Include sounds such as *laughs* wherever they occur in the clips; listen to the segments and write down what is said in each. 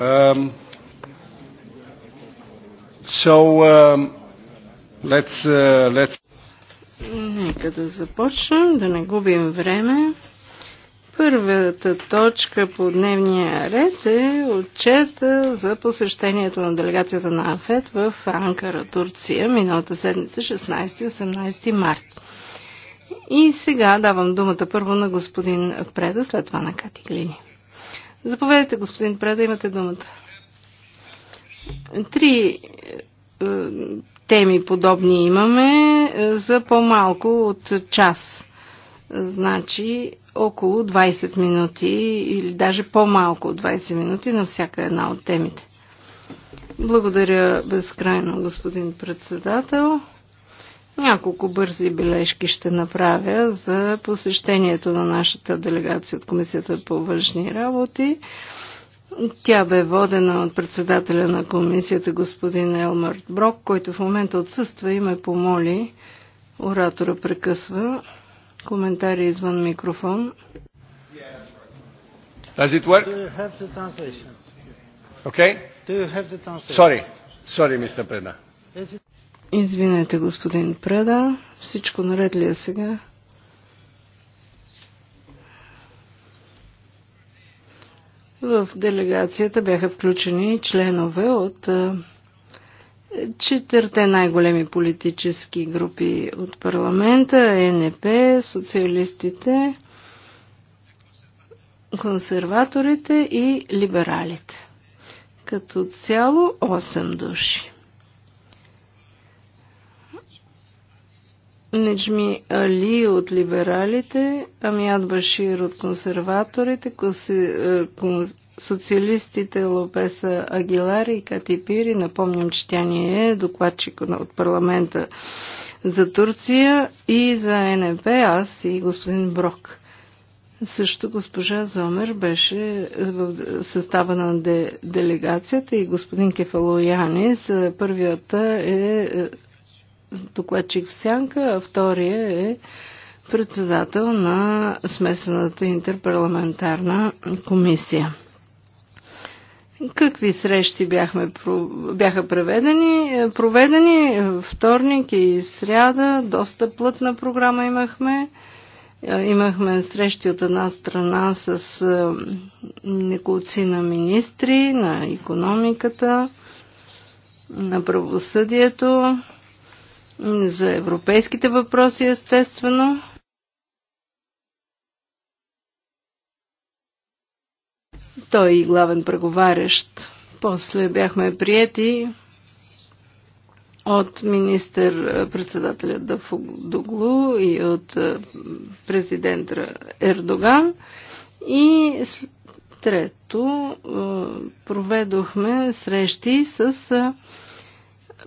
Um, so, um, let's, uh, let's... Нека да започнем, да не губим време. Първата точка по дневния ред е отчета за посещението на делегацията на АФЕД в Анкара, Турция, миналата седмица, 16-18 март. И сега давам думата първо на господин Преда, след това на Кати Глини. Заповядайте, господин Преда, имате думата. Три е, теми подобни имаме е, за по-малко от час. Значи около 20 минути или даже по-малко от 20 минути на всяка една от темите. Благодаря безкрайно, господин председател. Няколко бързи бележки ще направя за посещението на нашата делегация от Комисията по външни работи. Тя бе водена от председателя на комисията господин Елмар Брок, който в момента отсъства и ме помоли. Оратора прекъсва. Коментари извън микрофон. Does it work? Do you have the translation? Okay? Do you have the translation? Sorry. Sorry, Mr. Извинете, господин Преда. Всичко наред ли е сега? В делегацията бяха включени членове от четирте най-големи политически групи от парламента, ЕНП, социалистите, консерваторите и либералите. Като цяло 8 души. Неджми Али от либералите, Амиад Башир от консерваторите, е, социалистите Лопеса Агилари и Кати Пири. Напомням, че тя ни е докладчик от парламента за Турция и за НП, аз и господин Брок. Също госпожа Зомер беше в състава на де, делегацията и господин Кефалояни. Първията е, е докладчик в сянка, а втория е председател на смесената интерпарламентарна комисия. Какви срещи бяхме, бяха проведени? Проведени вторник и сряда, доста плътна програма имахме. Имахме срещи от една страна с е, неколци на министри, на економиката, на правосъдието, за европейските въпроси, естествено. Той и главен преговарящ. После бяхме приети от министър-председателя Дафуглу и от президента Ердоган. И трето, проведохме срещи с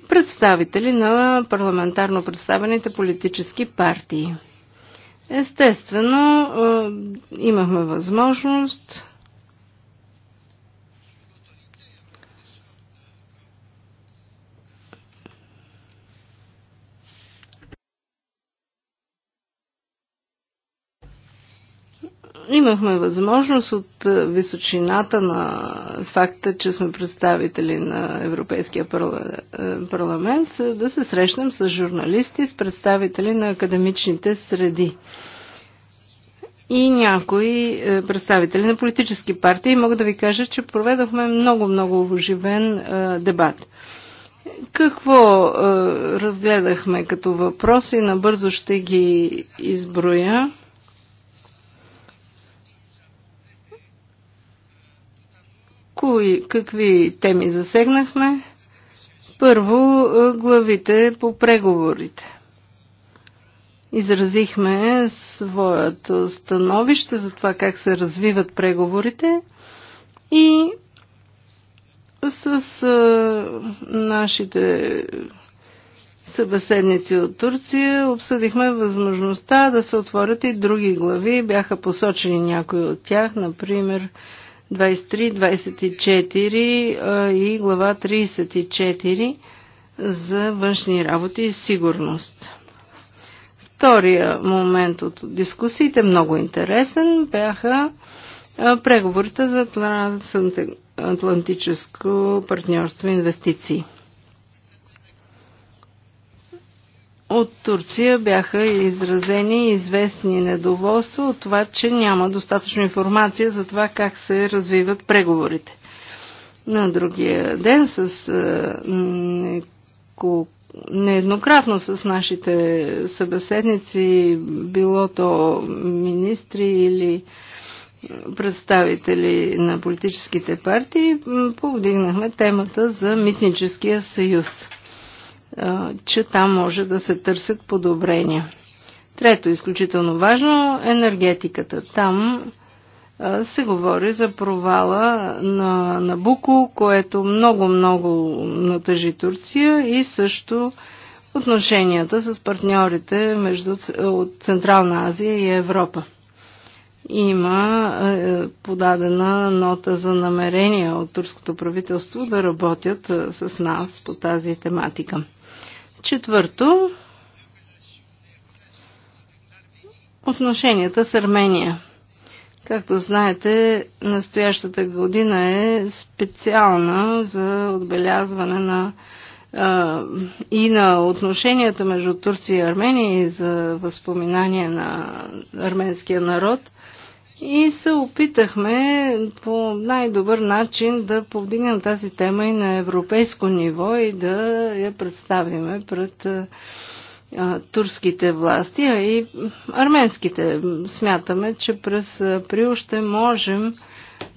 представители на парламентарно представените политически партии. Естествено, е, имахме възможност имахме възможност от е, височината на факта, че сме представители на Европейския е, парламент, е, да се срещнем с журналисти, с представители на академичните среди. И някои представители на политически партии. Мога да ви кажа, че проведохме много-много оживен дебат. Какво разгледахме като въпроси? Набързо ще ги изброя. Кои, какви теми засегнахме? Първо, е, главите по преговорите. Изразихме своето становище за това как се развиват преговорите и с е, нашите събеседници от Турция обсъдихме възможността да се отворят и други глави. Бяха посочени някои от тях, например 23-24 и глава 34 за външни работи и сигурност. Втория момент от дискусиите, много интересен, бяха преговорите за Атлантическо партньорство и инвестиции. От Турция бяха изразени известни недоволства от това, че няма достатъчно информация за това как се развиват преговорите. На другия ден с е, нееднократно с нашите събеседници, било то министри или представители на политическите партии, повдигнахме темата за митническия съюз че там може да се търсят подобрения. Трето, изключително важно, енергетиката. Там се говори за провала на Набуко, което много-много натъжи Турция и също отношенията с партньорите между, от Централна Азия и Европа. Има е, подадена нота за намерение от турското правителство да работят с нас по тази тематика. Четвърто, отношенията с Армения. Както знаете, настоящата година е специална за отбелязване на и на отношенията между Турция и Армения и за възпоминания на арменския народ – и се опитахме по най-добър начин да повдигнем тази тема и на европейско ниво и да я представиме пред турските власти, а и арменските. Смятаме, че през април ще можем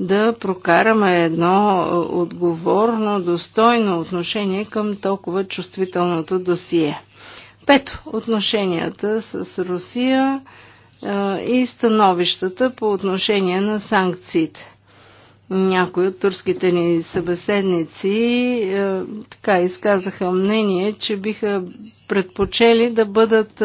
да прокараме едно отговорно, достойно отношение към толкова чувствителното досие. Пето, отношенията с Русия и становищата по отношение на санкциите. Някои от турските ни събеседници така изказаха мнение, че биха предпочели да бъдат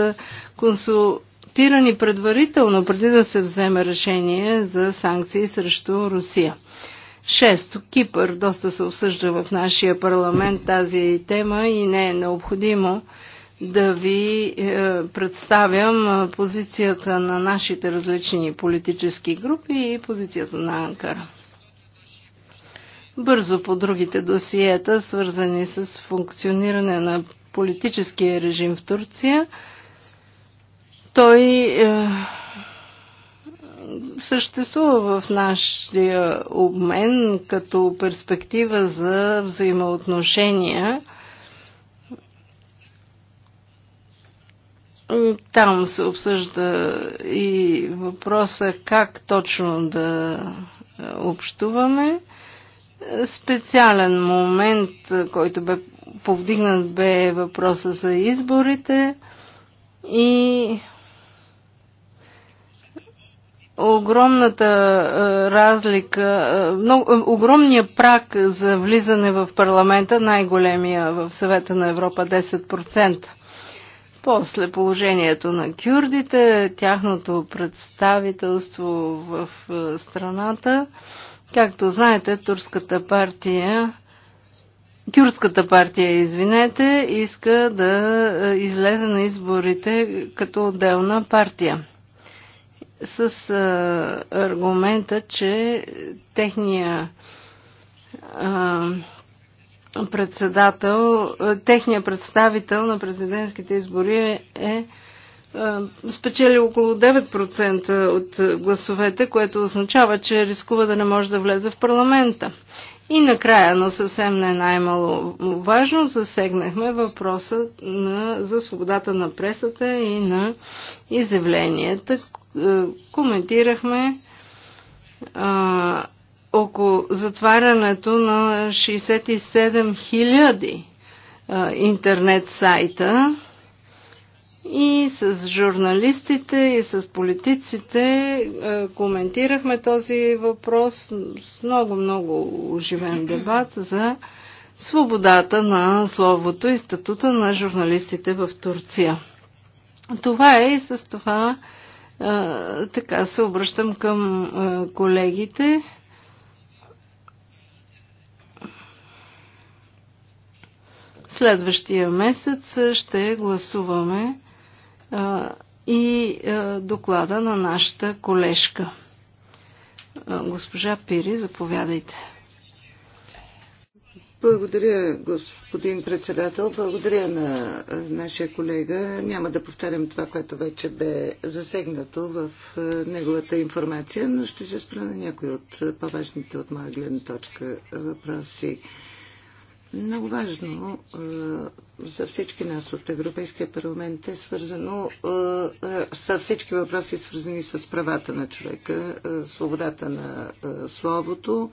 консултирани предварително, преди да се вземе решение за санкции срещу Русия. Шесто, Кипър доста се обсъжда в нашия парламент тази тема и не е необходимо да ви е, представям е, позицията на нашите различни политически групи и позицията на Анкара. Бързо по другите досиета, свързани с функциониране на политическия режим в Турция, той е, съществува в нашия обмен като перспектива за взаимоотношения – Там се обсъжда и въпроса как точно да е, общуваме. Специален момент, който бе повдигнат, бе въпроса за изборите и огромната е, разлика, е, много, огромния прак за влизане в парламента, най-големия в съвета на Европа 10%. После положението на кюрдите, тяхното представителство в е, страната. Както знаете, турската партия Кюрдската партия, извинете, иска да е, излезе на изборите като отделна партия. С а, е, аргумента, че техния а, председател, е, техният представител на президентските избори е, е, е спечели около 9% от гласовете, което означава, че рискува да не може да влезе в парламента. И накрая, но съвсем не е най-мало важно, засегнахме въпроса на, за свободата на пресата и на изявленията. Коментирахме а, около затварянето на 67 хиляди интернет сайта и с журналистите и с политиците коментирахме този въпрос с много-много оживен дебат за свободата на словото и статута на журналистите в Турция. Това е и с това така се обръщам към колегите Следващия месец ще гласуваме а, и а, доклада на нашата колежка. А, госпожа Пири, заповядайте. Благодаря, господин председател. Благодаря на нашия колега. Няма да повтарям това, което вече бе засегнато в неговата информация, но ще се спра на някои от по-важните от моя гледна точка въпроси много важно за всички нас от Европейския парламент е свързано са всички въпроси свързани с правата на човека, свободата на словото.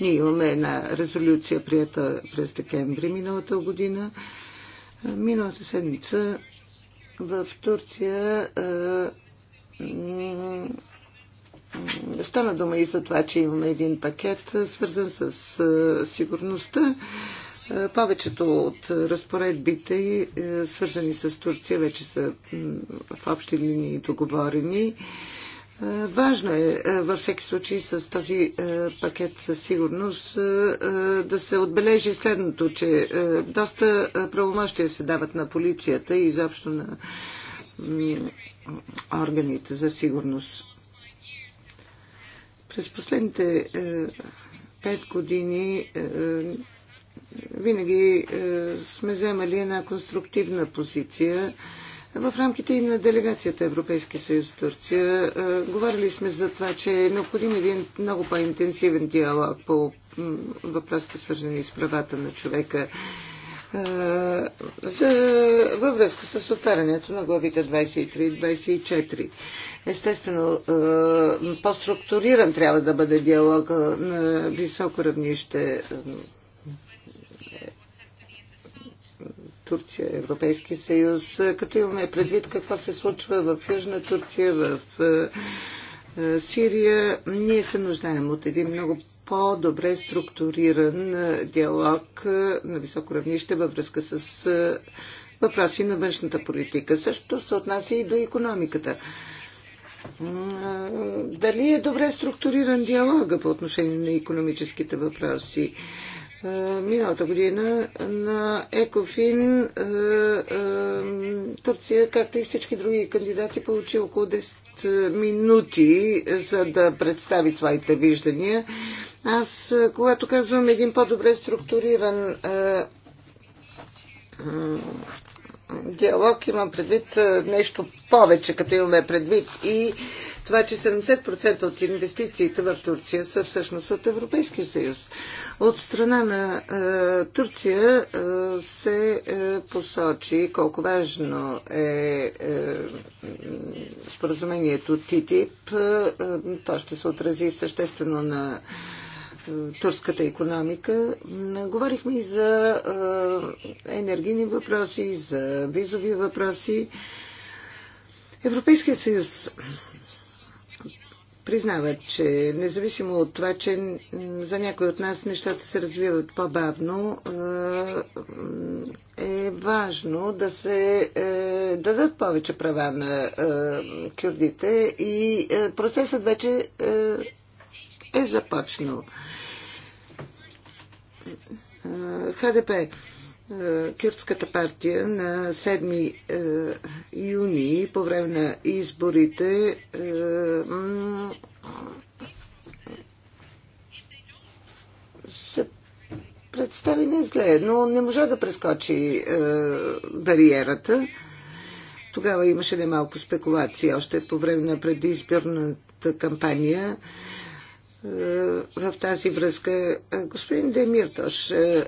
Ние имаме една резолюция, прията през декември миналата година. Миналата седмица в Турция Стана дума и за това, че имаме един пакет, свързан с сигурността. Е, повечето от разпоредбите, е, свързани с Турция, вече са в общи линии договорени. Е, важно е във всеки случай с този пакет със сигурност да се отбележи следното, че доста правомощия се дават на полицията и изобщо на органите за сигурност. През последните пет години винаги е, сме вземали една конструктивна позиция в рамките и на делегацията Европейски съюз Турция. Е, говорили сме за това, че е необходим един много по-интенсивен диалог по въпросите, свързани с правата на човека е, за, във връзка с отварянето на главите 23 и 24. Естествено, по-структуриран трябва да бъде диалог на високо равнище Турция, Европейския съюз, като имаме предвид какво се случва в Южна Турция, в е, е, Сирия, ние се нуждаем от един много по-добре структуриран е, диалог на високо равнище във връзка с въпроси на външната политика. Също се отнася и до економиката. Дали е добре структуриран диалога по отношение на економическите въпроси? миналата година на Екофин Турция, както и всички други кандидати, получи около 10 минути, за да представи своите виждания. Аз, когато казвам един по-добре структуриран диалог имам предвид е, нещо повече, като имаме предвид и това, че 70% от инвестициите в Турция са всъщност от Европейския съюз. От страна на е, Турция е, се е, посочи колко важно е, е споразумението ТИТИП. Е, то ще се отрази съществено на е, турската економика. Говорихме и за енергийни въпроси, за визови въпроси. Европейския съюз признава, че независимо от това, че за някои от нас нещата се развиват по-бавно, е важно да се е, дадат повече права на кюрдите и е, процесът вече е, е започнал. Е, ХДП, е, Кюртската партия, на 7 е, юни по време на изборите се представи не зле, но не можа да прескочи бариерата. Тогава имаше немалко спекулации още по време на предизборната кампания. Е, в тази връзка. Е, господин Демиртош е,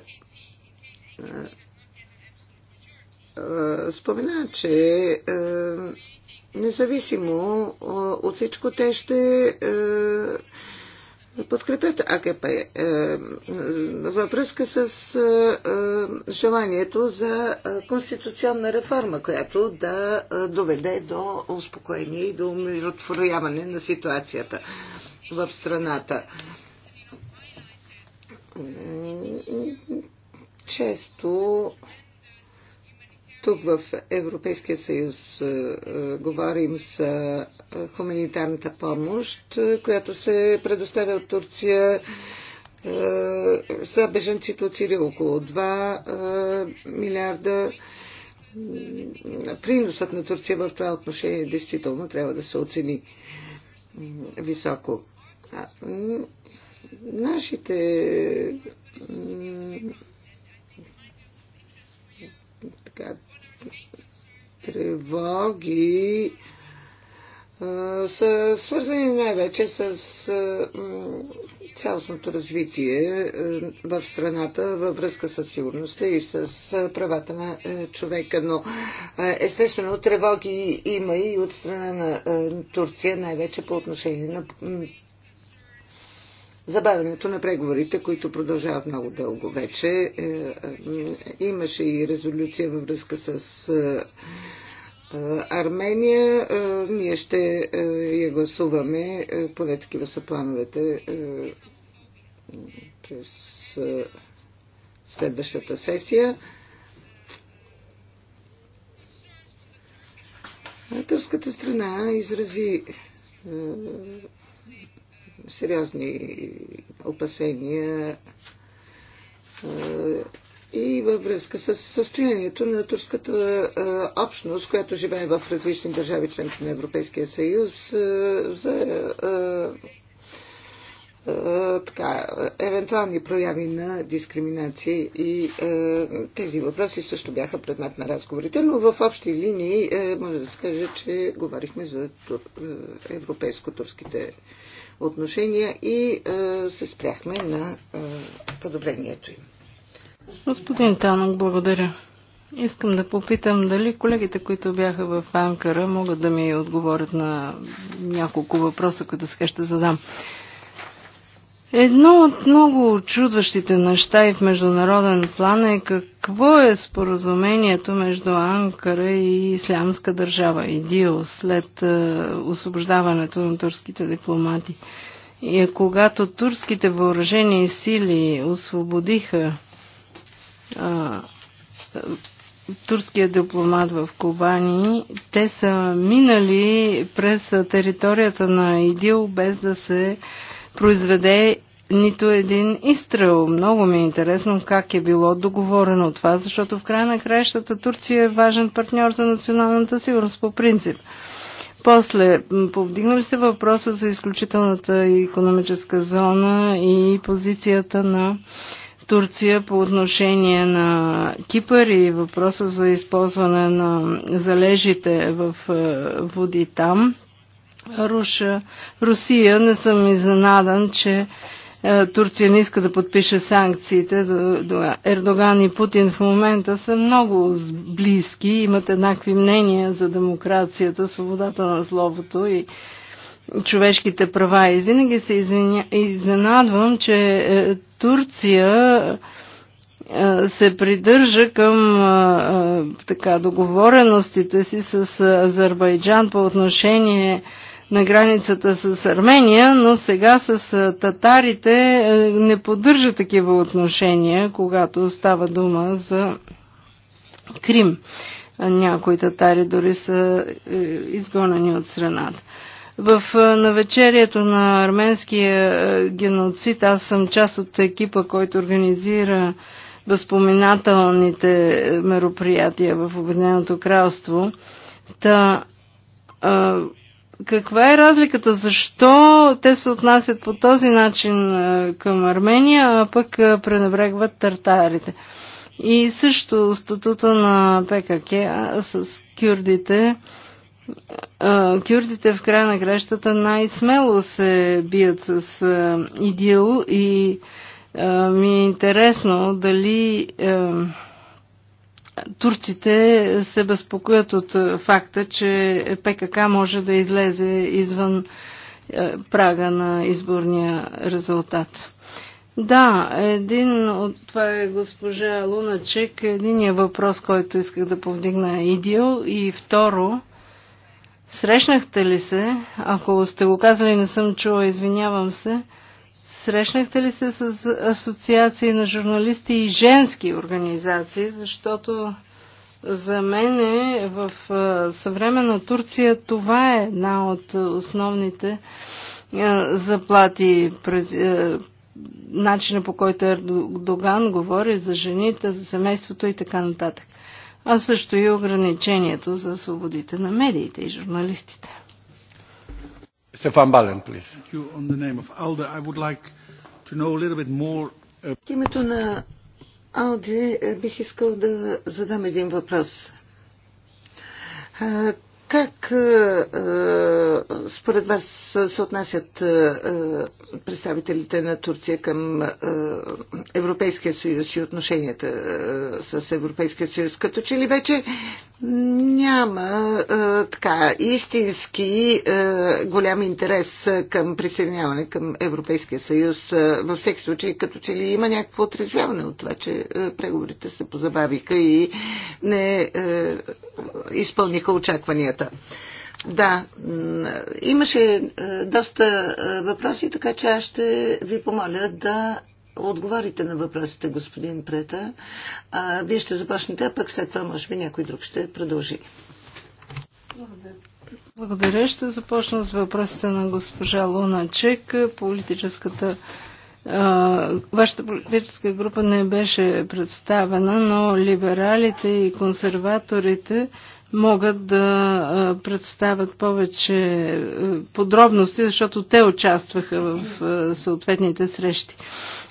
спомена, че независимо от всичко те ще подкрепят АКП във връзка с желанието за конституционна реформа, която да доведе до успокоение и до умиротворяване на ситуацията в страната. Често тук в Европейския съюз е, говорим за хуманитарната помощ, която се предоставя от Турция е, за беженците от Сирия около 2 е, милиарда. Приносът на Турция в това отношение действително трябва да се оцени високо. Нашите така, тревоги са свързани най-вече с цялостното развитие в страната във връзка с сигурността и с правата на човека. Но естествено тревоги има и от страна на Турция, най-вече по отношение на забавянето на преговорите, които продължават много дълго вече. Е, е, имаше и резолюция във връзка с е, Армения. Ние ще я гласуваме, поне такива са плановете през следващата сесия. Турската страна изрази сериозни опасения и във връзка с състоянието на турската общност, която живее в различни държави, членки на Европейския съюз, за така, евентуални прояви на дискриминация и е, тези въпроси също бяха предмет на разговорите, но в общи линии е, може да се каже, че говорихме за тур, европейско-турските отношения и е, се спряхме на е, подобрението им. Господин Танок, благодаря. Искам да попитам дали колегите, които бяха в Анкара, могат да ми отговорят на няколко въпроса, които сега ще задам. Едно от много чудващите неща и в международен план е как какво е споразумението между Анкара и Ислямска държава, ИДИО, след е, освобождаването на турските дипломати? И е, когато турските въоръжени сили освободиха а, турския дипломат в Кобани, те са минали през територията на ИДИЛ без да се произведе нито един изстрел. Много ми е интересно как е било договорено това, защото в края на краищата Турция е важен партньор за националната сигурност по принцип. После, повдигнали се въпроса за изключителната економическа зона и позицията на Турция по отношение на Кипър и въпроса за използване на залежите в е, води там. Руша, Русия не съм изненадан, че е, Турция не иска да подпише санкциите. Ердоган и Путин в момента са много близки, имат еднакви мнения за демокрацията, свободата на словото и човешките права. И винаги се изненадвам, че е, Турция е, се придържа към така, договореностите си с Азербайджан по отношение на границата с Армения, но сега с татарите не поддържа такива отношения, когато става дума за Крим. Някои татари дори са е, изгонени от страната. В навечерието на арменския геноцид аз съм част от екипа, който организира възпоменателните мероприятия в Обединеното кралство. Та, а, каква е разликата? Защо те се отнасят по този начин е, към Армения, а пък е, пренебрегват тартарите? И също статута на ПКК с кюрдите. Е, кюрдите в края на кращата най-смело се бият с идил и ми е интересно дали Турците се безпокоят от е, факта, че ПКК може да излезе извън е, прага на изборния резултат. Да, един от това е госпожа Луначек. Единият въпрос, който исках да повдигна е идио. И второ, срещнахте ли се, ако сте го казали, не съм чула, извинявам се, Срещнахте ли се с асоциации на журналисти и женски организации, защото за мен е, в съвременна Турция това е една от основните заплати. Начина по който Ердоган говори за жените, за семейството и така нататък. А също и ограничението за свободите на медиите и журналистите. Mr. Van Ballen, please. Thank you. On the name of ALDE, I would like to know a little bit more... От името на АЛДЕ бих искал да задам един въпрос. Как е, е, според вас се отнасят е, представителите на Турция към Европейския съюз и отношенията с Европейския съюз? Като че ли вече няма така истински голям интерес към присъединяване към Европейския съюз. Във всеки случай, като че ли има някакво отрезвяване от това, че преговорите се позабавиха и не изпълниха очакванията хората. Да, имаше е, доста е, въпроси, така че аз ще ви помоля да отговорите на въпросите, господин Прета. А, вие ще започнете, а пък след това може би някой друг ще продължи. Благодаря. Благодаря. Ще започна с въпросите на госпожа Луна Чек. Политическата Вашата политическа група не беше представена, но либералите и консерваторите могат да представят повече подробности, защото те участваха в съответните срещи.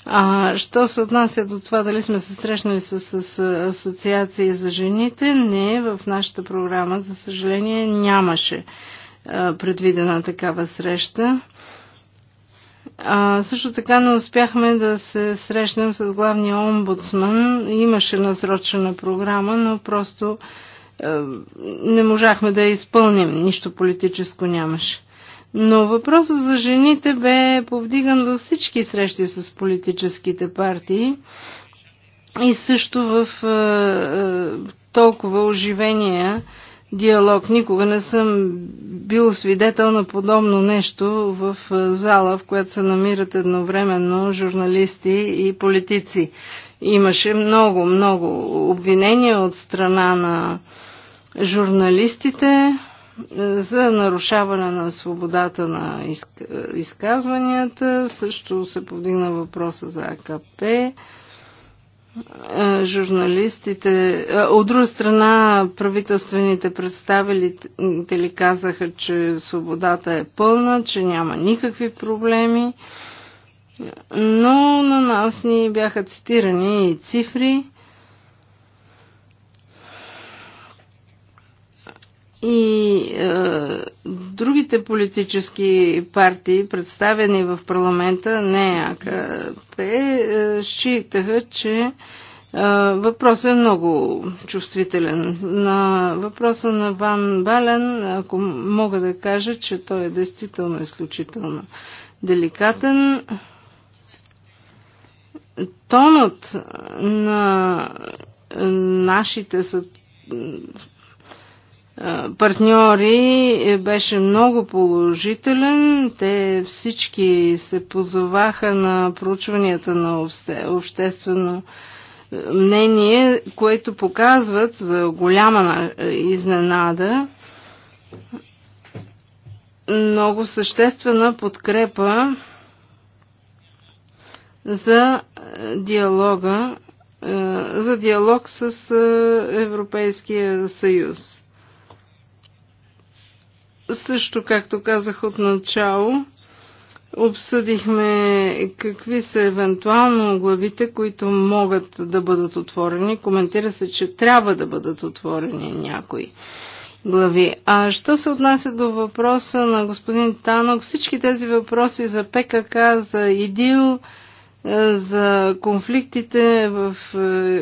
А що се отнася до това дали сме се срещнали с, с асоциации за жените, не, в нашата програма, за съжаление, нямаше предвидена такава среща. А, също така не успяхме да се срещнем с главния омбудсман. Имаше насрочена програма, но просто а, е, не можахме да я изпълним, нищо политическо нямаше. Но въпросът за жените бе повдиган във всички срещи с политическите партии и също в е, е, толкова оживения диалог. Никога не съм бил свидетел на подобно нещо в е, зала, в която се намират едновременно журналисти и политици. Имаше много, много обвинения от страна на журналистите е, за нарушаване на свободата на е, изказванията. Също се повдигна въпроса за АКП. Е, журналистите. От друга страна, правителствените представители казаха, че свободата е пълна, че няма никакви проблеми. Но на нас ни бяха цитирани и цифри и е, другите политически партии, представени в парламента, не АКП, е, считаха, че е, въпросът е много чувствителен. На въпроса на Ван Бален, ако мога да кажа, че той е действително изключително деликатен. Тонът на нашите са партньори е, беше много положителен. Те всички се позоваха на проучванията на обще, обществено мнение, което показват за голяма изненада много съществена подкрепа за е, диалога, е, за диалог с Европейския съюз също, както казах от начало, обсъдихме какви са евентуално главите, които могат да бъдат отворени. Коментира се, че трябва да бъдат отворени някои глави. А що се отнася до въпроса на господин Танок, всички тези въпроси за ПКК, за ИДИЛ, е, за конфликтите в е,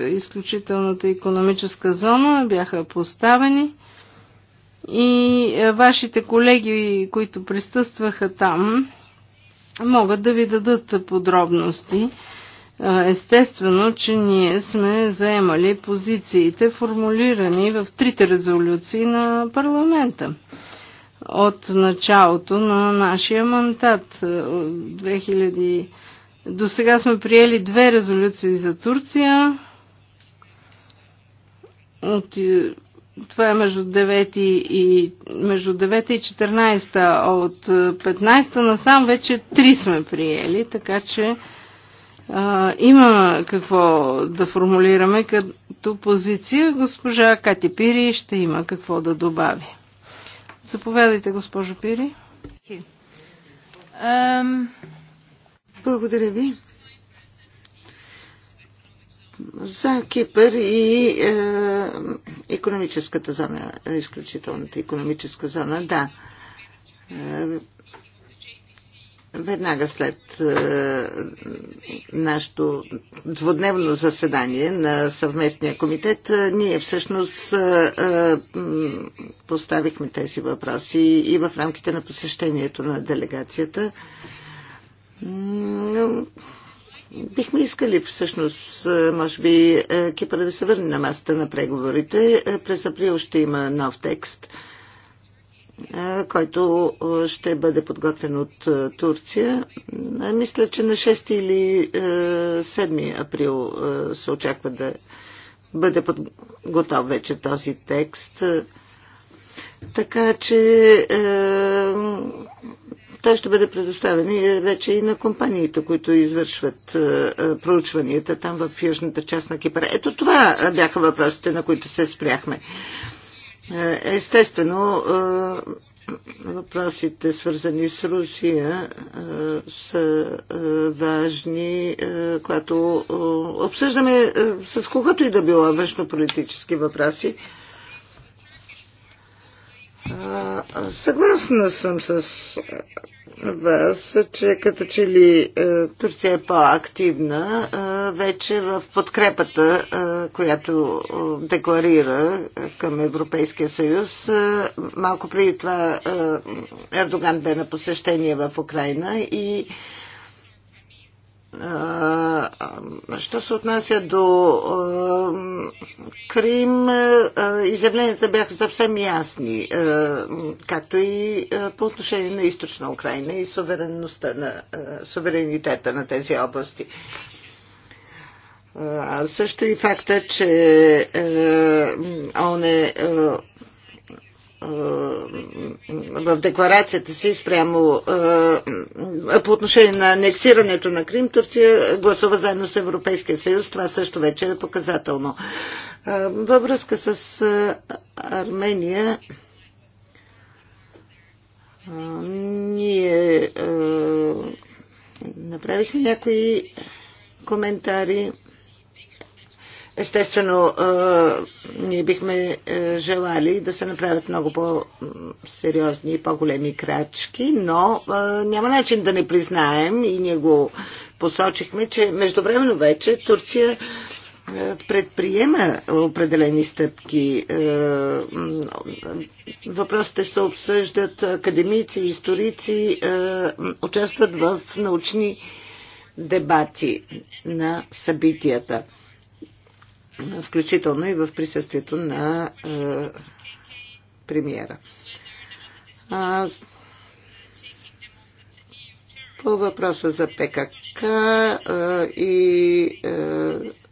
изключителната економическа зона бяха поставени – и е, вашите колеги, които присъстваха там, могат да ви дадат подробности. Е, естествено, че ние сме заемали позициите, формулирани в трите резолюции на парламента от началото на нашия мандат. 2000... Е, до сега сме приели две резолюции за Турция от това е между 9 и, между 9 и 14. От 15 е, насам вече 3 сме приели, така че а, е, има какво да формулираме като позиция. Госпожа Кати Пири ще има какво да добави. Заповядайте, госпожо Пири. Благодаря ви. За Кипър и е, економическата зона, изключителната економическа зона, да. Е, веднага след е, нашето двудневно заседание на съвместния комитет, е, ние всъщност е, е, поставихме тези въпроси и в рамките на посещението на делегацията. Бихме искали всъщност, е, може би, е, Кипър да се върне на масата на преговорите. Е, през април ще има нов текст, който ще бъде подготвен от Турция. Мисля, че на 6 или 7 април се очаква да бъде готов вече този текст. Така че той ще бъде предоставен вече и на компаниите, които извършват е, е, проучванията там в южната част на Кипър. Ето това бяха въпросите, на които се спряхме. Е, естествено, въпросите свързани с Русия са важни, когато обсъждаме с когото и да било външно-политически въпроси. Съгласна съм с вас, че като че ли Турция е по-активна вече в подкрепата, която декларира към Европейския съюз. Малко преди това Ердоган бе на посещение в Украина и Що се отнася до Крим, изявленията бяха съвсем ясни, както и по отношение на източна Украина и суверенността на, суверенитета на тези области. Също и факта, че ОНЕ е, в декларацията си спрямо е, е, по отношение на анексирането на Крим, Турция гласува заедно с Европейския съюз. Това също вече е показателно. Във връзка с Армения ние направихме някои коментари. Естествено, ние бихме желали да се направят много по-сериозни и по-големи крачки, но няма начин да не признаем и ние го посочихме, че междувременно вече Турция предприема определени стъпки. Въпросите се обсъждат, академици, историци участват в научни дебати на събитията включително и в присъствието на е, премиера. По въпроса за ПКК е, и е,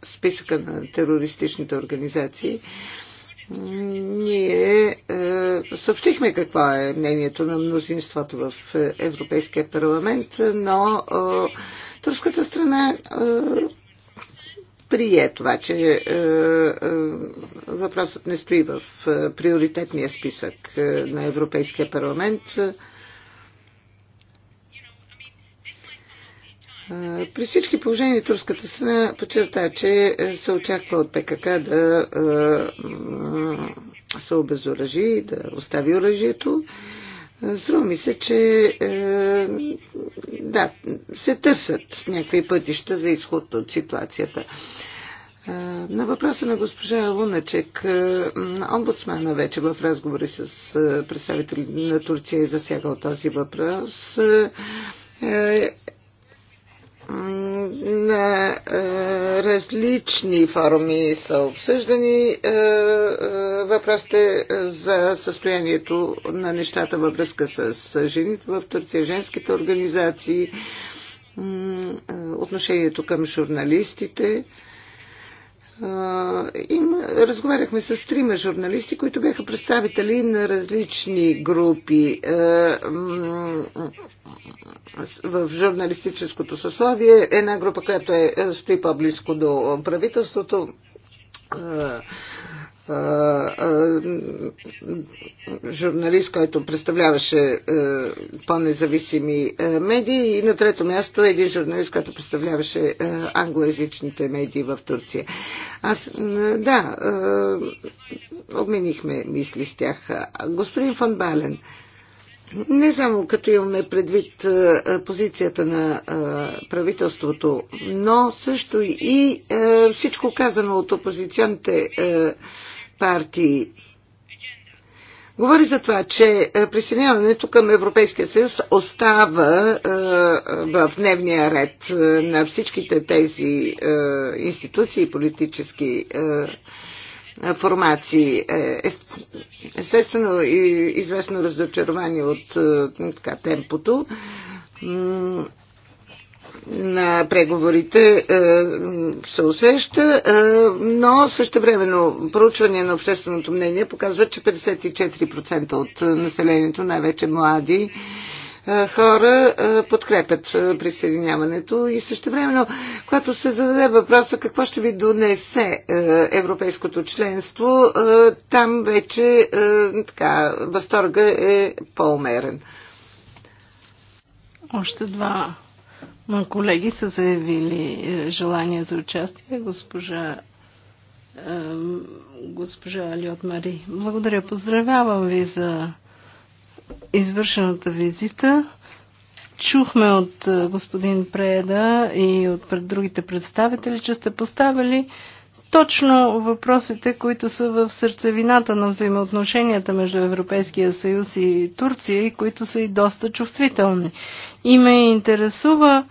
списъка на терористичните организации, ние съобщихме какво е мнението на мнозинството в Европейския парламент, но турската страна прие това, че е, е, въпросът не стои в е, приоритетния списък е, на Европейския парламент. Е, При всички положения турската страна подчерта, че е, се очаква от ПКК да е, се обезоръжи, да остави оръжието Струва ми се, че е, да, се търсят някакви пътища за изход от ситуацията. Е, на въпроса на госпожа Луначек, е, омбудсмана вече в разговори с е, представители на Турция е засягал този въпрос. Е, е, на е, различни форуми са обсъждани е, е, въпросите за състоянието на нещата във връзка с жените в Турция, женските организации, отношението към журналистите. Им, разговаряхме с трима журналисти, които бяха представители на различни групи в журналистическото съсловие. Една група, която е, стои по-близко до правителството, журналист, който представляваше по-независими медии и на трето място е един журналист, който представляваше англоязичните медии в Турция. Аз, да, обменихме мисли с тях. Господин фон Бален, не само като имаме предвид позицията на правителството, но също и всичко казано от опозиционните партии. Говори за това, че е, присъединяването към Европейския съюз остава е, е, в дневния ред на всичките тези институции и политически формации. Естествено, и известно разочарование от така, темпото на преговорите е, се усеща, е, но същевременно проучване на общественото мнение показва, че 54% от е, населението, най-вече млади, хора подкрепят присъединяването и същевременно, когато се зададе въпроса какво ще ви донесе европейското членство, там вече така, възторга е по-умерен. Още два колеги са заявили е, желание за участие. Госпожа, госпожа Алиот Мари. Благодаря. Поздравявам ви за извършената визита. Чухме от е, господин Преда и от пред другите представители, че сте поставили точно въпросите, които са в сърцевината на взаимоотношенията между Европейския съюз и Турция и които са и доста чувствителни и ме интересува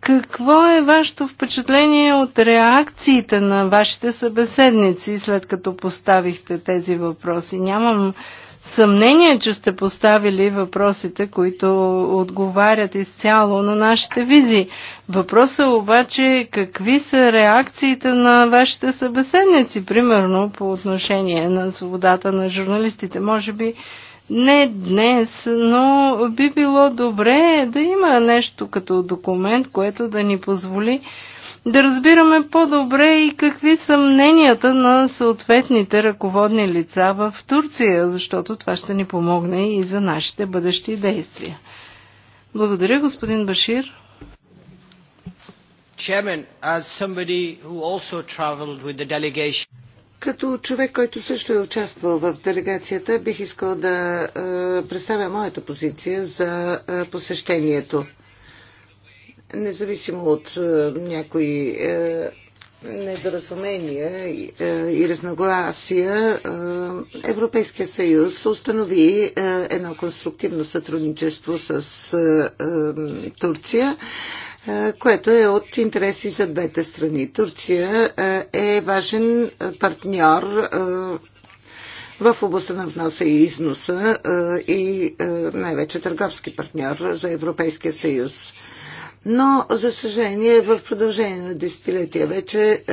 какво е вашето впечатление от реакциите на вашите събеседници, след като поставихте тези въпроси? Нямам съмнение, че сте поставили въпросите, които отговарят изцяло на нашите визи. Въпросът е обаче какви са реакциите на вашите събеседници, примерно по отношение на свободата на журналистите. Може би не днес, но би било добре да има нещо като документ, което да ни позволи да разбираме по-добре и какви са мненията на съответните ръководни лица в Турция, защото това ще ни помогне и за нашите бъдещи действия. Благодаря, господин Башир. Като човек, който също е участвал в делегацията, бих искал да е, представя моята позиция за е, посещението. Независимо от е, някои недоразумения и разногласия, Европейския съюз установи едно конструктивно сътрудничество с Турция е, което е от интереси за двете страни. Турция е, е важен партньор е, в областта на вноса и износа и най-вече търговски партньор за Европейския съюз. Но, за съжаление, в продължение на десетилетия вече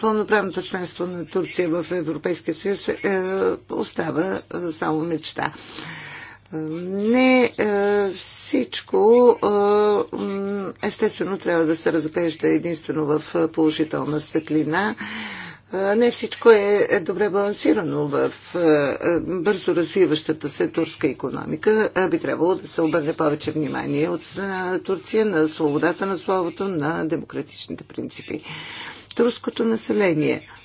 пълноправното членство на Турция в Европейския съюз остава само мечта. Не е, всичко е, естествено трябва да се разглежда единствено в е, положителна светлина. Не всичко е добре балансирано в бързо развиващата се турска економика. Би трябвало да се обърне повече внимание от страна на Турция на свободата на словото, на демократичните принципи. Турското население –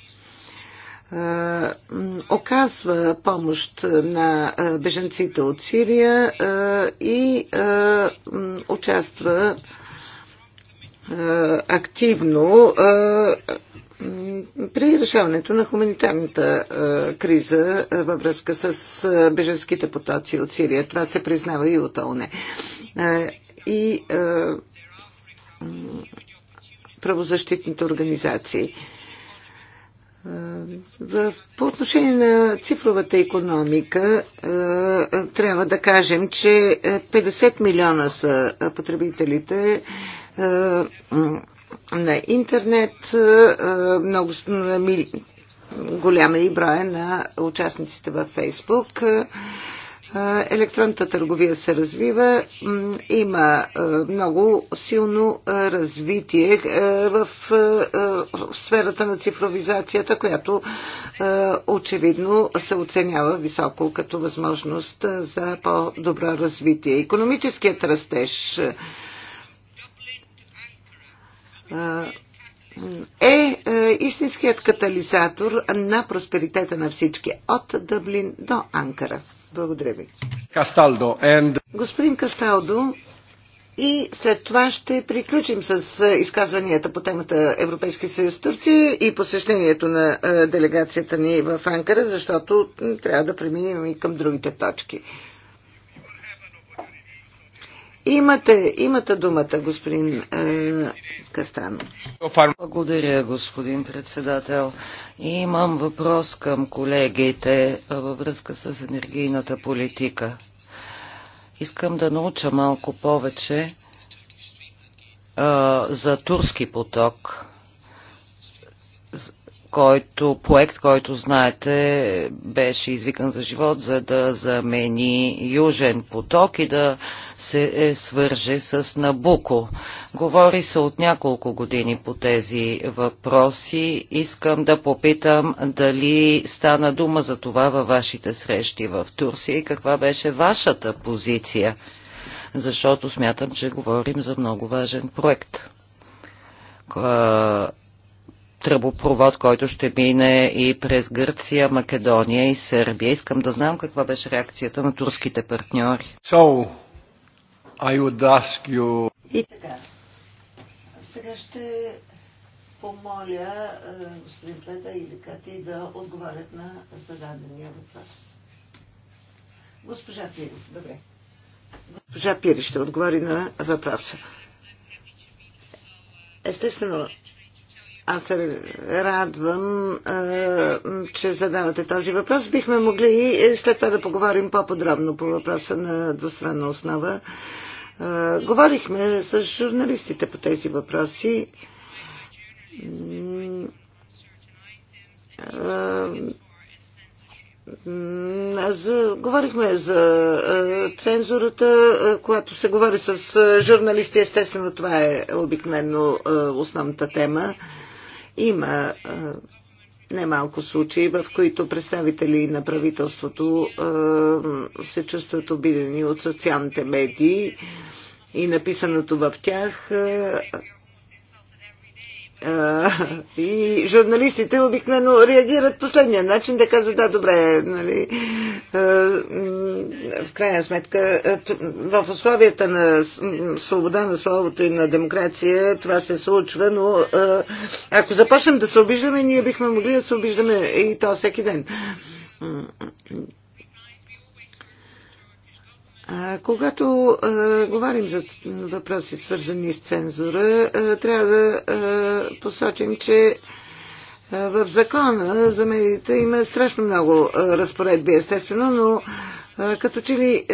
оказва помощ на беженците от Сирия и участва активно при решаването на хуманитарната криза във връзка с беженските потоци от Сирия. Това се признава и от ОНЕ. И правозащитните организации. Е, по отношение на цифровата економика, е, трябва да кажем, че 50 милиона са потребителите е, на интернет, много голяма и броя на участниците във Фейсбук. Електронната търговия се развива. Има много силно развитие в сферата на цифровизацията, която очевидно се оценява високо като възможност за по-добро развитие. Економическият растеж е, е истинският катализатор на просперитета на всички от Дъблин до Анкара. Благодаря ви. Касталдо. And... Господин Касталдо, и след това ще приключим с изказванията по темата Европейски съюз Турция и посещението на делегацията ни в Анкара, защото трябва да преминем и към другите точки. Имате, имате думата, господин е, Кастан. Благодаря, господин председател. Имам въпрос към колегите във връзка с енергийната политика. Искам да науча малко повече а, за турски поток който, проект, който знаете, беше извикан за живот, за да замени Южен поток и да се е, свърже с Набуко. Говори се от няколко години по тези въпроси. Искам да попитам дали стана дума за това във вашите срещи в Турция и каква беше вашата позиция, защото смятам, че говорим за много важен проект тръбопровод, който ще мине и през Гърция, Македония и Сърбия. Искам да знам каква беше реакцията на турските партньори. So, I would ask you... И така. Сега ще помоля е, господин Плета или Кати да отговарят на зададения въпрос. Госпожа Пири, добре. Госпожа Пири ще отговори на въпроса. Естествено, аз се радвам, че задавате този въпрос. Бихме могли и след това да поговорим по-подробно по въпроса на двустранна основа. Говорихме с журналистите по тези въпроси за, говорихме за цензурата, която се говори с журналисти. Естествено, това е обикновено основната тема. Има немалко случаи, в които представители на правителството се чувстват обидени от социалните медии и написаното в тях и журналистите обикновено реагират последния начин, да казват да, добре, нали, в крайна сметка в условията на свобода на словото и на демокрация това се случва, но ако започнем да се обиждаме, ние бихме могли да се обиждаме и то всеки ден. Когато а, говорим за въпроси свързани с цензура, а, трябва да а, посочим, че в закона за медиите има страшно много разпоредби, естествено, но като че ли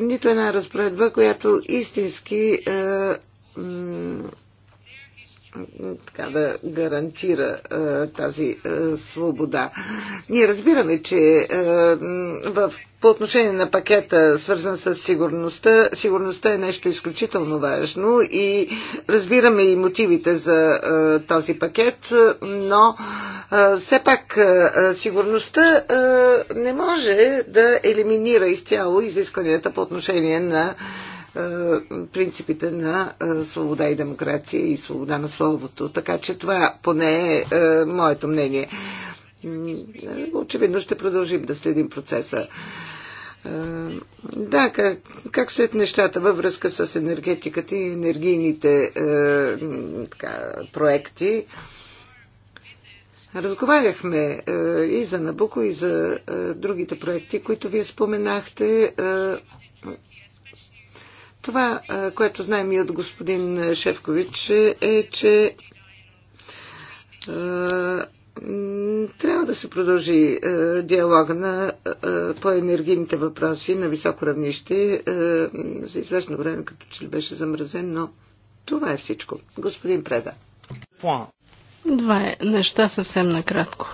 нито една разпоредба, която истински така да гарантира а, тази а, свобода. Ние разбираме, че а, в, по отношение на пакета, свързан с сигурността, сигурността е нещо изключително важно и разбираме и мотивите за а, този пакет, но а, все пак а, сигурността а, не може да елиминира изцяло изискванията по отношение на а, е, принципите на е, свобода и демокрация и свобода на словото. Така че това поне е, е моето мнение. Очевидно ще продължим да следим процеса. Да, как, как стоят нещата във връзка с енергетиката и енергийните е, така, проекти? Разговаряхме е, и за Набуко, и за е, другите проекти, които вие споменахте. Е, това, което знаем и от господин Шефкович, е, че трябва да се продължи диалога на, по енергийните въпроси на високо равнище. за известно време, като че ли беше замразен, но това е всичко. Господин Преда. Два е, неща съвсем накратко.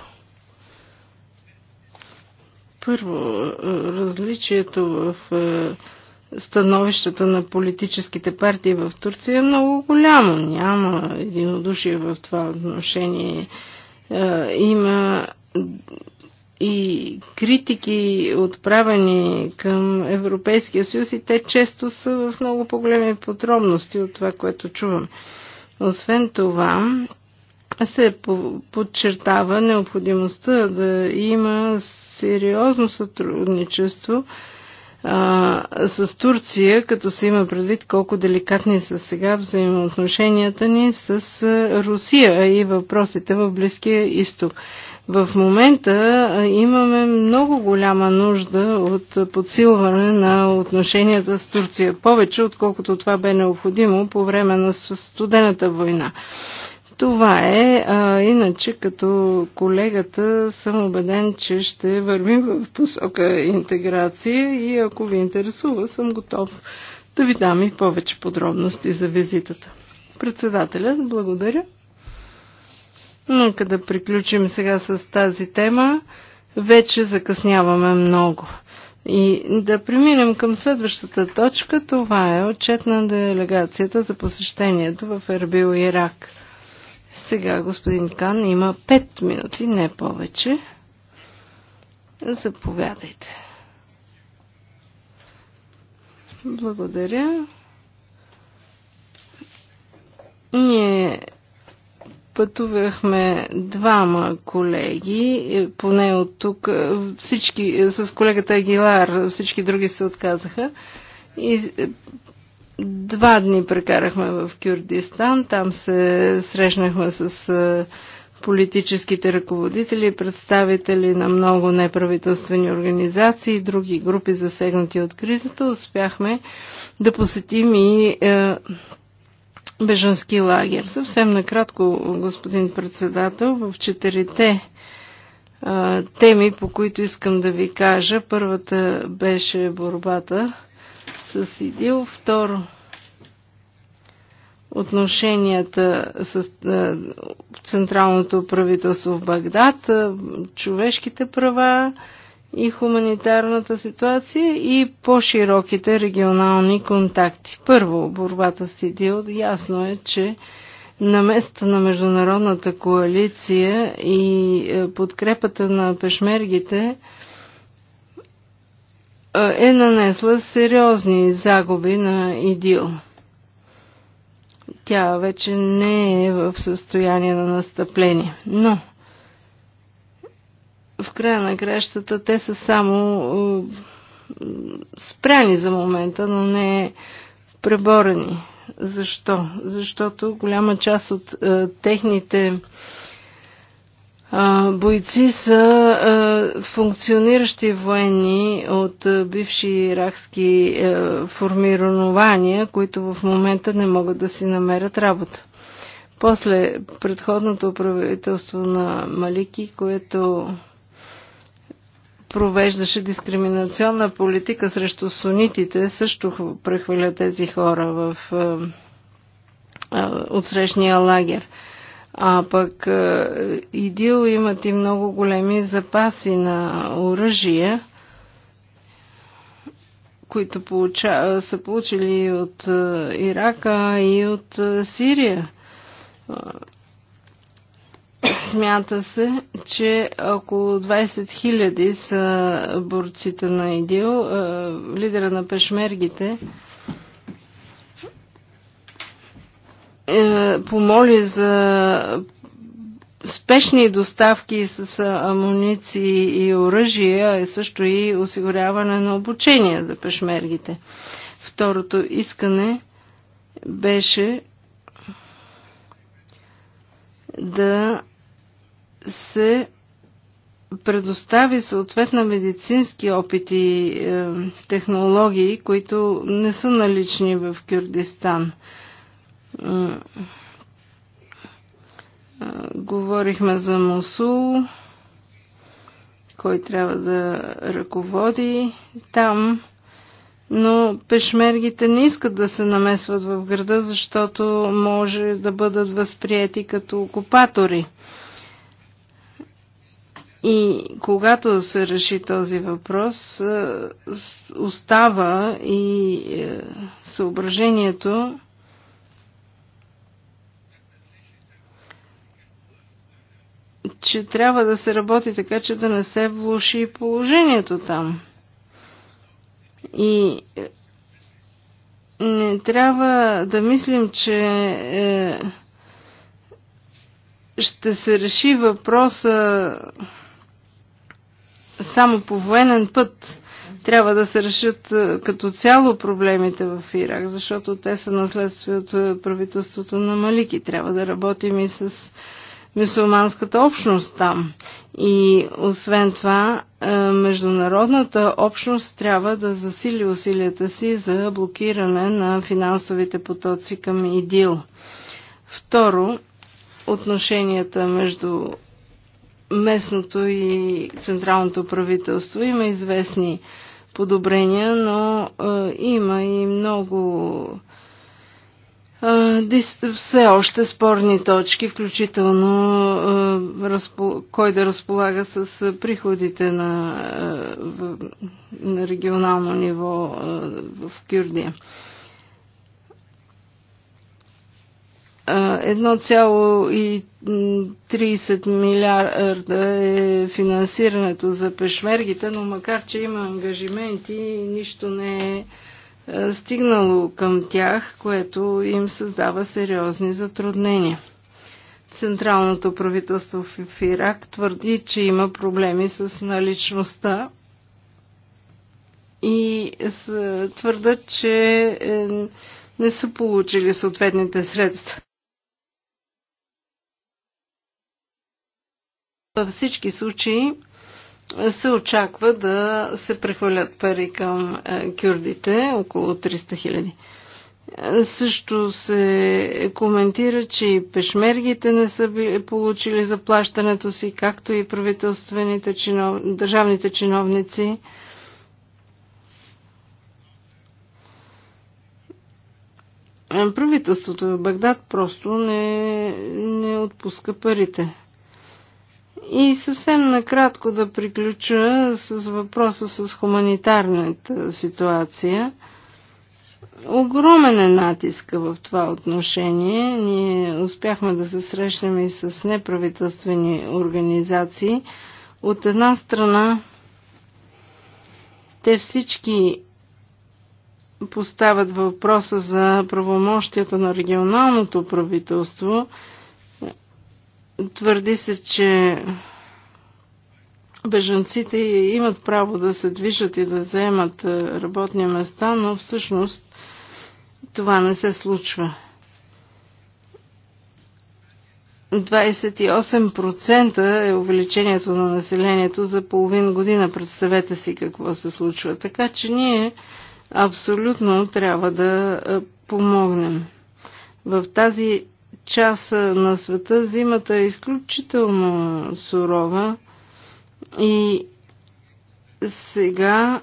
Първо, различието в становищата на политическите партии в Турция е много голямо. Няма единодушие в това отношение. Е, има и критики отправени към Европейския съюз и те често са в много по-големи подробности от това, което чувам. Освен това, се подчертава необходимостта да има сериозно сътрудничество а, с Турция, като се има предвид колко деликатни са сега взаимоотношенията ни с Русия и въпросите в Близкия изток. В момента имаме много голяма нужда от подсилване на отношенията с Турция, повече отколкото това бе необходимо по време на студената война. Това е, а, иначе като колегата съм убеден, че ще вървим в посока интеграция и ако ви интересува, съм готов да ви дам и повече подробности за визитата. Председателят, благодаря. Нека да приключим сега с тази тема. Вече закъсняваме много. И да преминем към следващата точка. Това е отчет на делегацията за посещението в Ербил, Ирак – сега господин Кан има 5 минути, не повече. Заповядайте. Благодаря. Ние пътувахме двама колеги, поне от тук, всички, с колегата Агилар, всички други се отказаха. И Два дни прекарахме в Кюрдистан. Там се срещнахме с политическите ръководители, представители на много неправителствени организации и други групи засегнати от кризата. Успяхме да посетим и е, бежански лагер. Съвсем накратко, господин председател, в четирите е, теми, по които искам да ви кажа. Първата беше борбата с ИДИЛ. Второ, отношенията с е, Централното правителство в Багдад, е, човешките права и хуманитарната ситуация и по-широките регионални контакти. Първо, борбата с ИДИЛ. Ясно е, че наместа на международната коалиция и е, подкрепата на пешмергите – е нанесла сериозни загуби на ИДИЛ. Тя вече не е в състояние на настъпление. Но в края на кращата те са само спряни за момента, но не е преборени. Защо? Защото голяма част от е, техните бойци са функциониращи военни от бивши иракски формирования, които в момента не могат да си намерят работа. После предходното правителство на Малики, което провеждаше дискриминационна политика срещу сунитите, също прехвърля тези хора в отсрещния лагер. А пък е, ИДИЛ имат и много големи запаси на оръжия, които получа, са получили от е, Ирака и от е, Сирия. Смята се, че около 20 000 са борците на ИДИЛ. Лидера на пешмергите Е, помоли за спешни доставки с амуниции и оръжия, също и осигуряване на обучение за пешмергите. Второто искане беше да се предостави съответна медицински опит и е, технологии, които не са налични в Кюрдистан. Е, Говорихме за Мусул, кой трябва да ръководи там, но пешмергите не искат да се намесват в града, защото може да бъдат възприяти като окупатори. И когато се реши този въпрос, е, остава и е, съображението, че трябва да се работи така, че да не се влуши положението там. И е, не трябва да мислим, че е, ще се реши въпроса само по военен път. Трябва да се решат е, като цяло проблемите в Ирак, защото те са наследствие от е, правителството на Малики. Трябва да работим и с мусулманската общност там. И освен това, е, международната общност трябва да засили усилията си за блокиране на финансовите потоци към ИДИЛ. Второ, отношенията между местното и централното правителство има известни подобрения, но е, има и много все още спорни точки, включително кой да разполага с приходите на, на регионално ниво в Кюрдия. 1,30 милиарда е финансирането за пешмергите, но макар, че има ангажименти, нищо не е е, стигнало към тях, което им създава сериозни затруднения. Централното правителство в Ирак твърди, че има проблеми с наличността и твърдят, че е, не са получили съответните средства. Във всички случаи се очаква да се прехвърлят пари към е, кюрдите, около 300 хиляди. Е, също се коментира, че и пешмергите не са получили заплащането си, както и правителствените чинов... държавните чиновници. Е, правителството в Багдад просто не, не отпуска парите. И съвсем накратко да приключа с въпроса с хуманитарната ситуация. Огромен е натиска в това отношение. Ние успяхме да се срещнем и с неправителствени организации. От една страна, те всички поставят въпроса за правомощията на регионалното правителство – Твърди се, че бежанците имат право да се движат и да заемат е, работни места, но всъщност това не се случва. 28% е увеличението на населението за половин година. Представете си какво се случва. Така че ние абсолютно трябва да е, помогнем. В тази часа на света зимата е изключително сурова и сега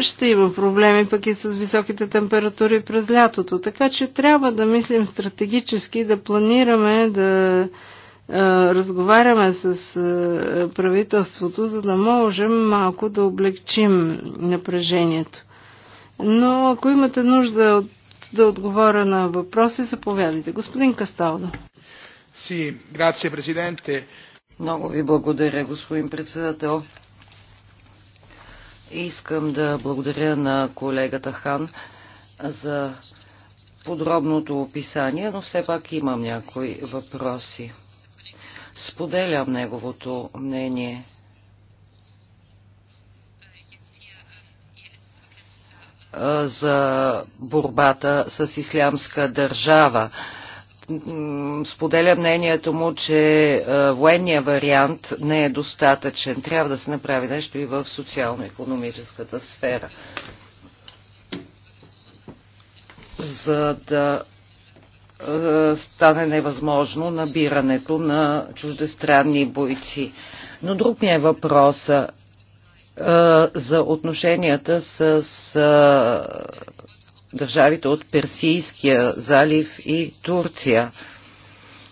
ще има проблеми пък и с високите температури през лятото. Така че трябва да мислим стратегически, да планираме, да е, разговаряме с е, правителството, за да можем малко да облегчим напрежението. Но ако имате нужда от да отговоря на въпроси. Заповядайте. Господин Касталдо. Си, грация, президенте. Много ви благодаря, господин председател. Искам да благодаря на колегата Хан за подробното описание, но все пак имам някои въпроси. Споделям неговото мнение. за борбата с ислямска държава. Споделя мнението му, че военния вариант не е достатъчен. Трябва да се направи нещо и в социално-економическата сфера. За да стане невъзможно набирането на чуждестранни бойци. Но друг ми е въпроса за отношенията с държавите от Персийския залив и Турция.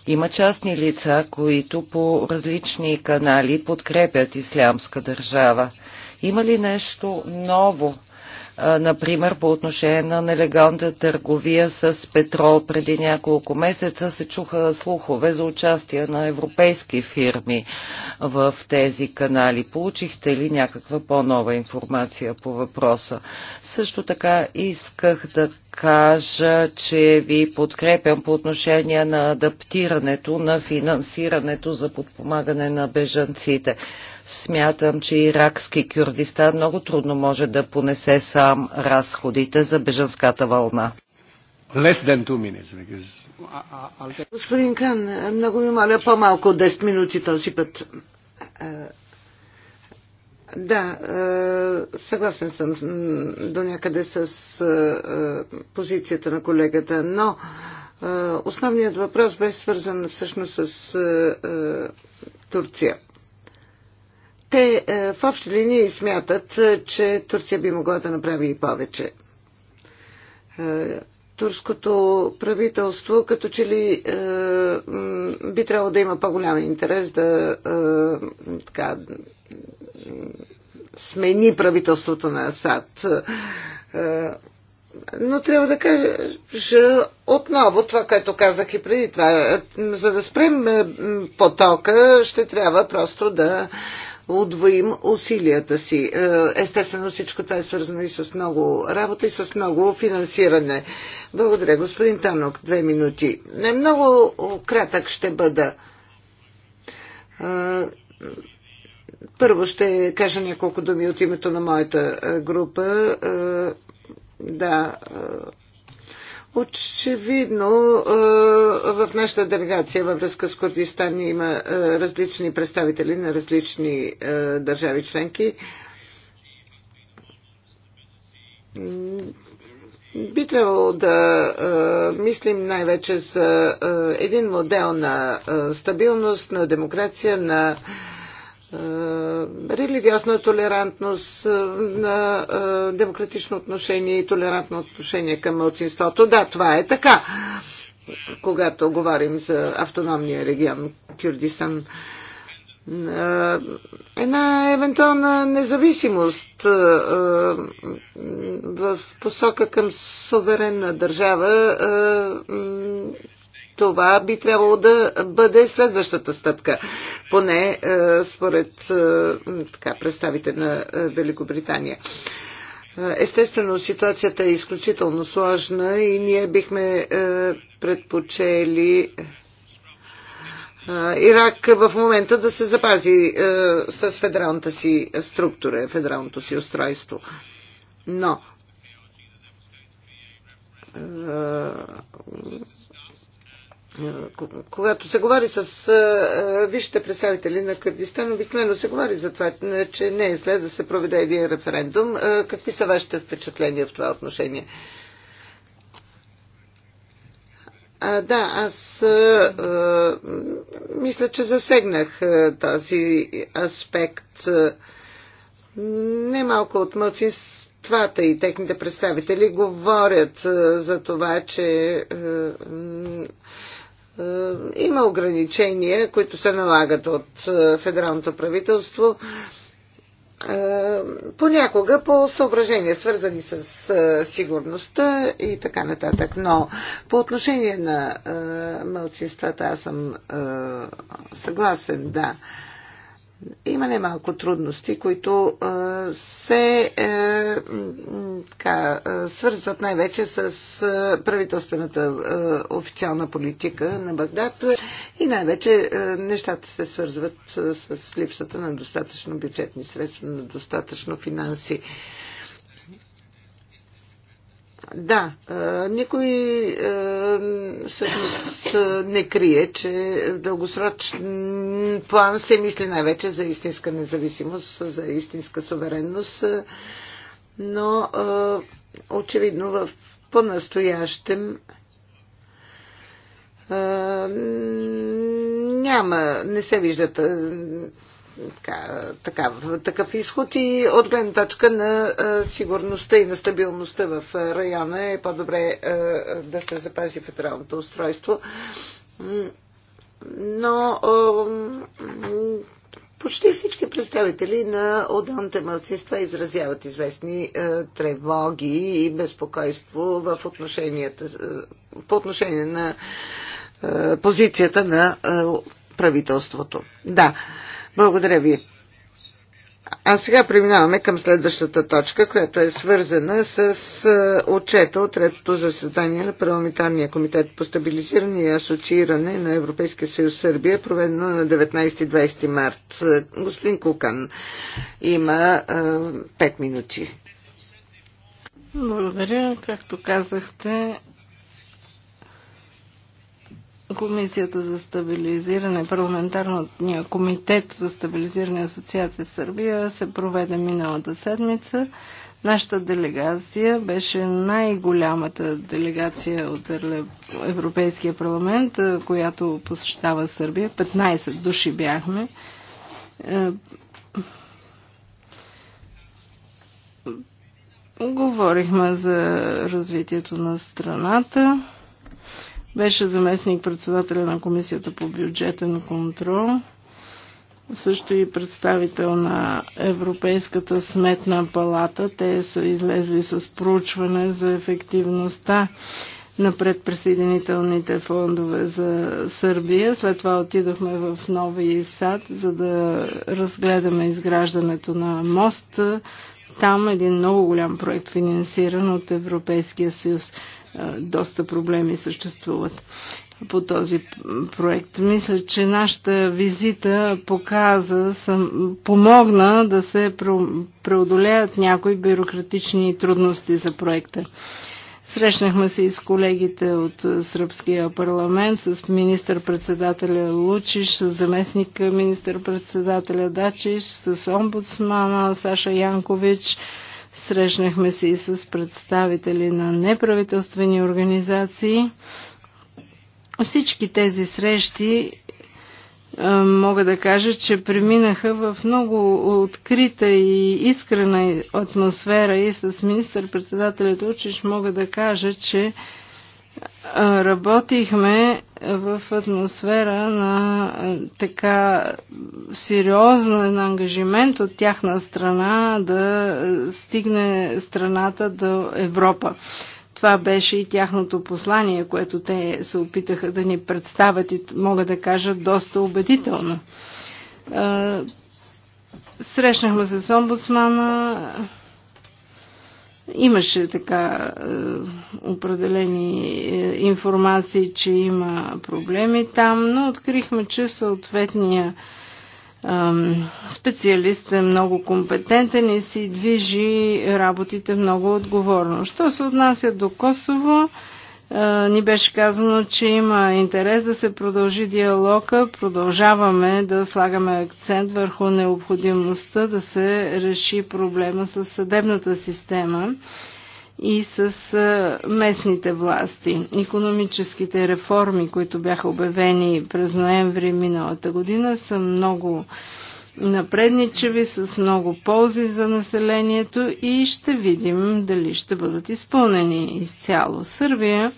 Има частни лица, които по различни канали подкрепят ислямска държава. Има ли нещо ново Например, по отношение на нелегалната търговия с петрол преди няколко месеца се чуха слухове за участие на европейски фирми в тези канали. Получихте ли някаква по-нова информация по въпроса? Също така исках да кажа, че ви подкрепям по отношение на адаптирането на финансирането за подпомагане на бежанците. Смятам, че иракски Кюрдистан много трудно може да понесе сам разходите за беженската вълна. Господин Кан, много ви моля по-малко от 10 минути този път. Да, е, съгласен съм до някъде с е, позицията на колегата, но е, основният въпрос бе свързан всъщност с Турция. Те е, в общи линии смятат, е, че Турция би могла да направи и повече. Е, турското правителство като че ли би трябвало да има по-голям интерес да така, смени правителството на Асад. Но трябва да кажа отново това, което казах и преди това. За да спрем потока, ще трябва просто да удвоим усилията си. Е, естествено всичко това е свързано и с много работа и с много финансиране. Благодаря, господин Танок. Две минути. Не много кратък ще бъда. Е, първо ще кажа няколко думи от името на моята е, група. Да, Очевидно е, в нашата делегация във връзка с Курдистан има е, различни представители на различни е, държави членки. Би трябвало да мислим най-вече за един модел на стабилност, на демокрация, на е, религиозна толерантност, е, на е, демократично отношение и толерантно отношение към мълцинството. Да, това е така, когато говорим за автономния регион Кюрдистан. Една евентуална независимост в посока към суверенна държава това би трябвало да бъде следващата стъпка. Поне е, според е, така, представите на е, Великобритания. Естествено, ситуацията е изключително сложна и ние бихме предпочели Ирак в момента да се запази с федералната си структура, федералното си устройство. Но когато се говори с е, е, висшите представители на Кърдистан, обикновено се говори за това, че не е след да се проведе един референдум. Е, какви са вашите впечатления в това отношение? А, да, аз а, мисля, че засегнах а, този аспект. Немалко от мълцинствата и техните представители говорят а, за това, че а, е, има ограничения, които се налагат от е, федералното правителство. Е, понякога по съображения, свързани с сигурността и така нататък. Но по отношение на мълцинствата аз съм съгласен, да има немалко трудности, които се е, а, така, свързват най-вече с правителствената официална политика на Багдад и най-вече нещата се свързват с липсата на достатъчно бюджетни средства, на достатъчно финанси да, никой всъщност не крие, че в дългосрочен план се мисли най-вече за истинска независимост, за истинска суверенност, но очевидно в по-настоящем няма, не се виждат така, така, такъв изход и от гледна точка на а, сигурността и на стабилността в района е по-добре да се запази федералното устройство. Но почти всички представители на отделните младсинства изразяват известни тревоги и безпокойство в отношенията, по отношение на позицията на правителството. Да. Благодаря ви. А сега преминаваме към следващата точка, която е свързана с отчета от третото заседание на парламентарния комитет по стабилизиране и асоцииране на Европейския съюз Сърбия, проведено на 19-20 март. Господин Кукан има а, 5 минути. Благодаря. Както казахте, Комисията за стабилизиране, парламентарния комитет за стабилизиране и асоциация Сърбия се проведе миналата седмица. Нашата делегация беше най-голямата делегация от Европейския парламент, която посещава Сърбия. 15 души бяхме. Е, говорихме за развитието на страната. Беше заместник председателя на Комисията по бюджетен контрол, също и представител на Европейската сметна палата. Те са излезли с проучване за ефективността на предприсъединителните фондове за Сърбия. След това отидохме в Нови Сад, за да разгледаме изграждането на мост. Там един много голям проект, финансиран от Европейския съюз доста проблеми съществуват по този проект. Мисля, че нашата визита показа, съм, помогна да се преодолеят някои бюрократични трудности за проекта. Срещнахме се и с колегите от Сръбския парламент, с министър-председателя Лучиш, с заместник министър-председателя Дачиш, с омбудсмана Саша Янкович, Срещнахме се и с представители на неправителствени организации. Всички тези срещи мога да кажа, че преминаха в много открита и искрена атмосфера и с министър-председателят Учиш мога да кажа, че работихме в атмосфера на така сериозен ангажимент от тяхна страна да стигне страната до Европа. Това беше и тяхното послание, което те се опитаха да ни представят и мога да кажа доста убедително. Срещнахме се с омбудсмана, Имаше така е, определени е, информации, че има проблеми там, но открихме, че съответния е, специалист е много компетентен и си движи работите много отговорно. Що се отнася до Косово, е, ни беше казано, че има интерес да се продължи диалога. Продължаваме да слагаме акцент върху необходимостта да се реши проблема с съдебната система и с местните власти. Економическите реформи, които бяха обявени през ноември миналата година, са много напредничеви, с много ползи за населението и ще видим дали ще бъдат изпълнени изцяло. Сърбия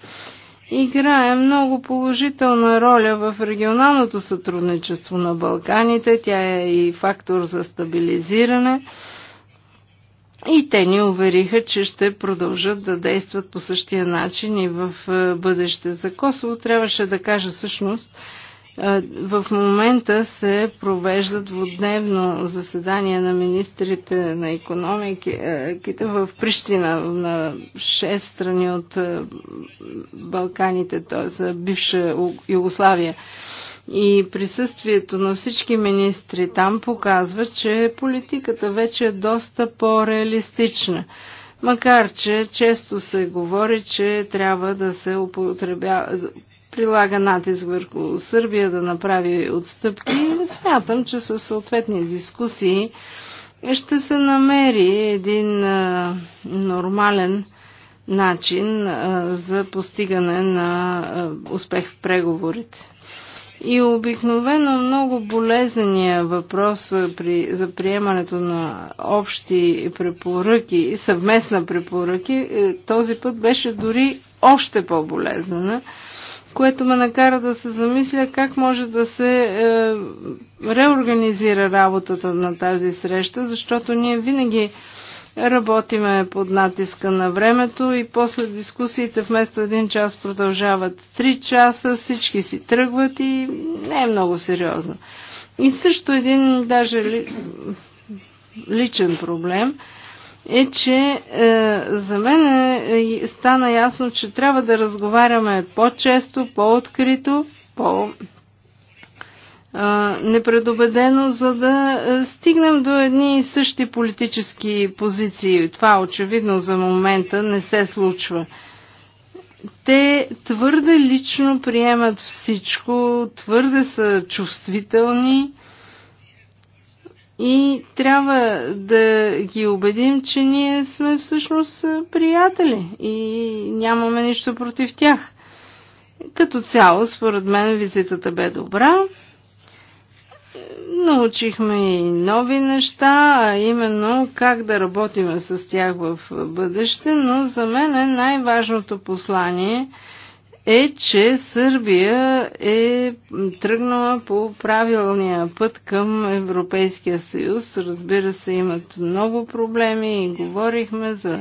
играе много положителна роля в регионалното сътрудничество на Балканите. Тя е и фактор за стабилизиране. И те ни увериха, че ще продължат да действат по същия начин и в е, бъдеще. За Косово трябваше да кажа всъщност, е, в момента се провеждат водневно заседание на министрите на економиките е, в Прищина на 6 страни от е, Балканите, т.е. бивша Югославия. И присъствието на всички министри там показва, че политиката вече е доста по-реалистична. Макар, че често се говори, че трябва да се употребя, прилага натиск върху Сърбия да направи отстъпки. Смятам, че със съответни дискусии ще се намери един нормален начин за постигане на успех в преговорите. И обикновено много болезнения въпрос при, за приемането на общи препоръки и съвместна препоръки, е, този път беше дори още по-болезнена което ме накара да се замисля как може да се е, реорганизира работата на тази среща, защото ние винаги работиме под натиска на времето и после дискусиите вместо един час продължават три часа, всички си тръгват и не е много сериозно. И също един даже ли, личен проблем – е, че е, за мен е, стана ясно, че трябва да разговаряме по-често, по-открито, по-, е, непредобедено, за да е, стигнем до едни и същи политически позиции. Това очевидно за момента не се случва. Те твърде лично приемат всичко, твърде са чувствителни и трябва да ги убедим, че ние сме всъщност приятели и нямаме нищо против тях. Като цяло, според мен, визитата бе добра. Научихме и нови неща, а именно как да работим с тях в бъдеще, но за мен е най-важното послание е, е, че Сърбия е тръгнала по правилния път към Европейския съюз. Разбира се, имат много проблеми и говорихме за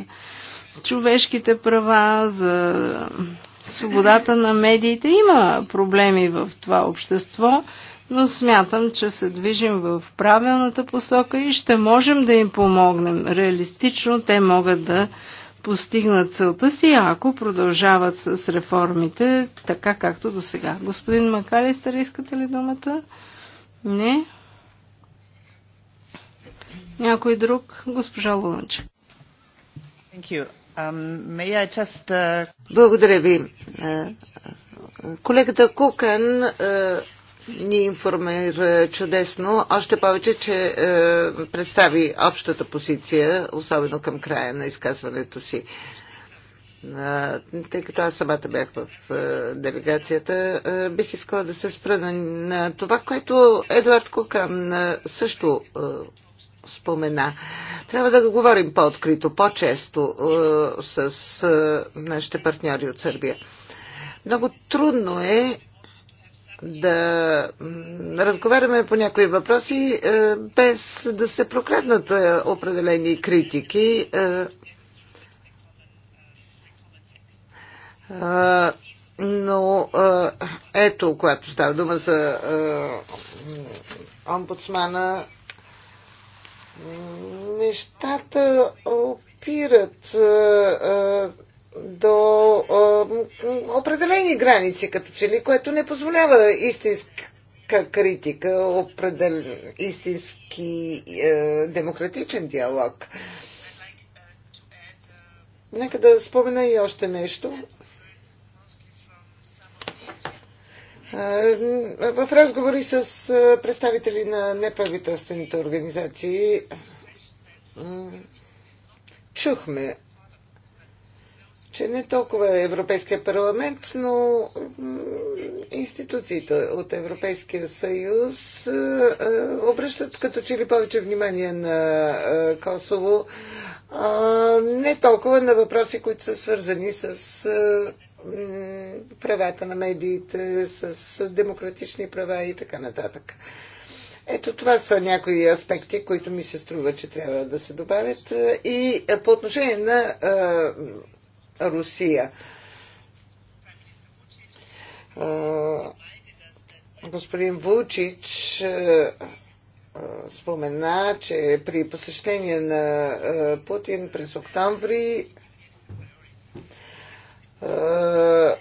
човешките права, за свободата на медиите. Има проблеми в това общество, но смятам, че се движим в правилната посока и ще можем да им помогнем. Реалистично те могат да постигнат целта си, ако продължават с реформите така както до сега. Господин Макалистър, искате ли думата? Не. Някой друг? Госпожа Лунче. Um, just... Uh, Благодаря ви. Колегата Кукан ни информира чудесно, още повече, че е, представи общата позиция, особено към края на изказването си. Е, тъй като аз самата бях в е, делегацията, е, бих искала да се спра на, на това, което Едуард Кукан също е, спомена. Трябва да го говорим по-открито, по-често е, с е, нашите партньори от Сърбия. Много трудно е да разговаряме по някои въпроси, е, без да се прокраднат е, определени критики. Е, но ето, когато става дума за омбудсмана, нещата опират до определени граници, като че ли, което не позволява истинска критика, определ... истински а, е, демократичен диалог. Нека да спомена и още нещо. Е, в разговори с е, представители на неправителствените организации чухме че не толкова е Европейския парламент, но институциите от Европейския съюз обръщат като че ли повече внимание на Косово, не толкова на въпроси, които са свързани с правата на медиите, с демократични права и така нататък. Ето това са някои аспекти, които ми се струва, че трябва да се добавят. И по отношение на Русия. Господин Вучич спомена, че при посещение на Путин през октомври е, е,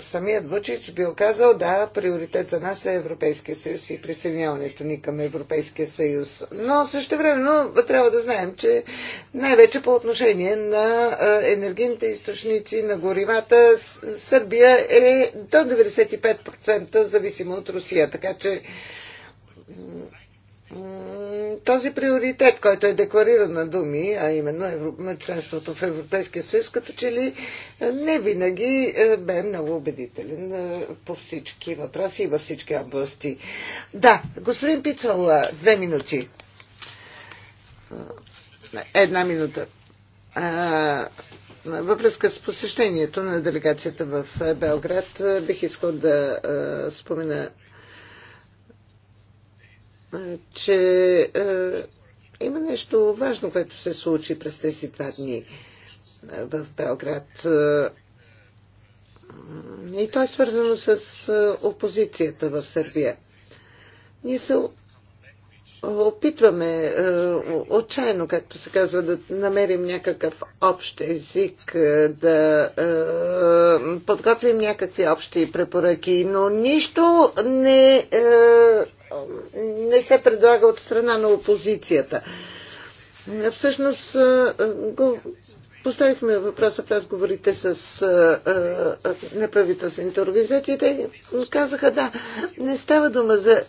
самият Вучич бил казал, да, приоритет за нас е Европейския съюз и присъединяването ни към Европейския съюз. Но също времено трябва да знаем, че най-вече по отношение на е, енергийните източници, на горивата, Сърбия е до 95% зависима от Русия. Така че този приоритет, който е деклариран на думи, а именно членството в Европейския съюз, като че ли е, не винаги е, бе много убедителен е, по всички въпроси и във всички области. Да, господин Пицал, две минути. Една минута. Във връзка с посещението на делегацията в Белград бих искал да спомена че е, има нещо важно, което се случи през тези два дни е, в Белград. Е, и то е свързано с опозицията в Сърбия. Ние се опитваме отчаяно, както се казва, да намерим някакъв общ език, да подготвим някакви общи препоръки, но нищо не не се предлага от страна на опозицията. Всъщност го поставихме въпроса в разговорите с неправителствените организации. Те казаха, да, не става дума за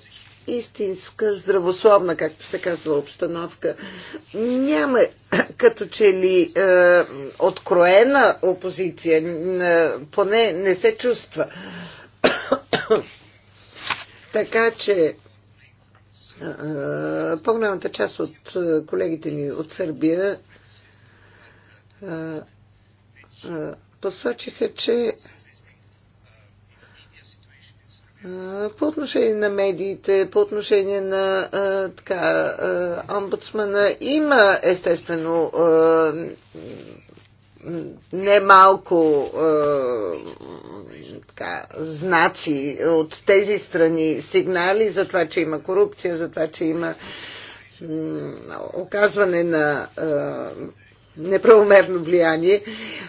истинска здравословна, както се казва, обстановка. Няма като че ли е, откроена опозиция, е, поне не се чувства. *coughs* така че по-голямата част от колегите ми от Сърбия посочиха, че по отношение на медиите, по отношение на така, омбудсмана има естествено малко е, така, знаци от тези страни, сигнали за това, че има корупция, за това, че има оказване на е, неправомерно влияние.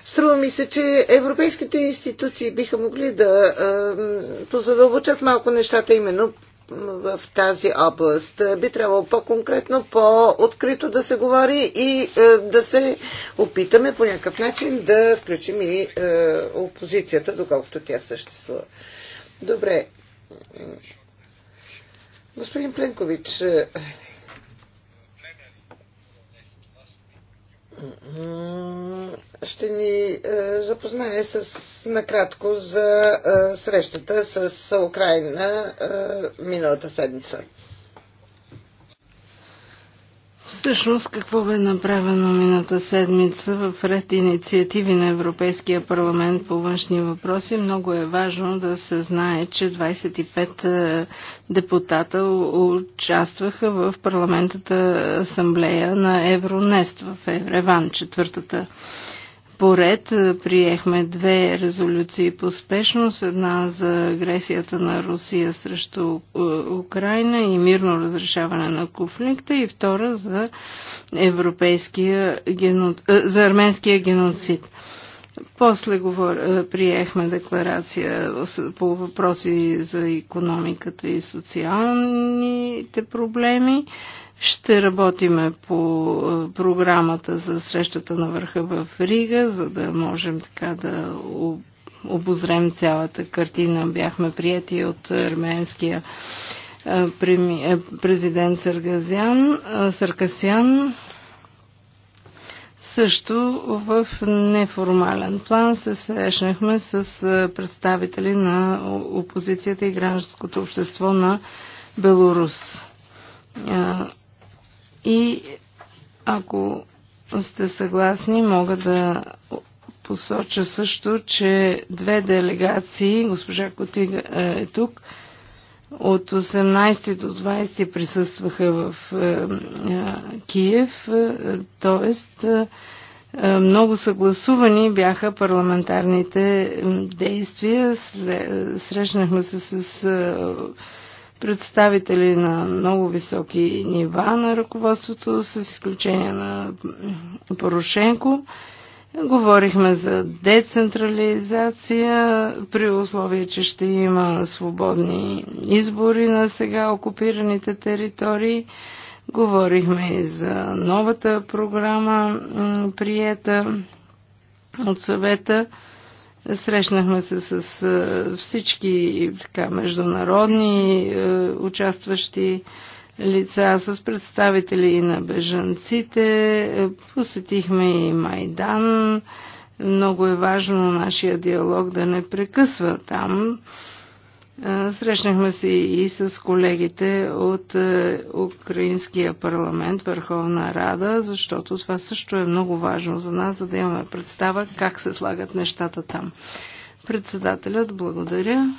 Струва ми се, че европейските институции биха могли да е, позадълбочат малко нещата именно в тази област. Би трябвало по-конкретно, по-открито да се говори и е, да се опитаме по някакъв начин да включим и е, опозицията, доколкото тя съществува. Добре. Господин Пленкович, ще ни е, запознае с накратко за е, срещата с Украина е, миналата седмица. Всъщност, какво бе направено мината седмица в ред инициативи на Европейския парламент по външни въпроси, много е важно да се знае, че 25 е, депутата участваха в парламентата асамблея на Евронест в Ереван, четвъртата поред приехме две резолюции по спешност. Една за агресията на Русия срещу Украина и мирно разрешаване на конфликта и втора за, европейския гено... за арменския геноцид. После говор... приехме декларация по въпроси за економиката и социалните проблеми. Ще работиме по е, програмата за срещата на върха в Рига, за да можем така да обозрем цялата картина. Бяхме прияти от арменския е, е, президент Саргазян, Саркасян. Също в неформален план се срещнахме с представители на опозицията и гражданското общество на Беларус. И ако сте съгласни, мога да посоча също, че две делегации, госпожа Котига е, е тук, от 18 до 20 присъстваха в е, е, Киев, т.е. много съгласувани бяха парламентарните действия. Срещнахме се с представители на много високи нива на ръководството, с изключение на Порошенко. Говорихме за децентрализация при условие, че ще има свободни избори на сега окупираните територии. Говорихме и за новата програма, приета от съвета. Срещнахме се с всички така, международни участващи лица, с представители и на бежанците. Посетихме и Майдан. Много е важно нашия диалог да не прекъсва там. Срещнахме се и с колегите от е, Украинския парламент, Върховна Рада, защото това също е много важно за нас, за да имаме представа как се слагат нещата там. Председателят, благодаря.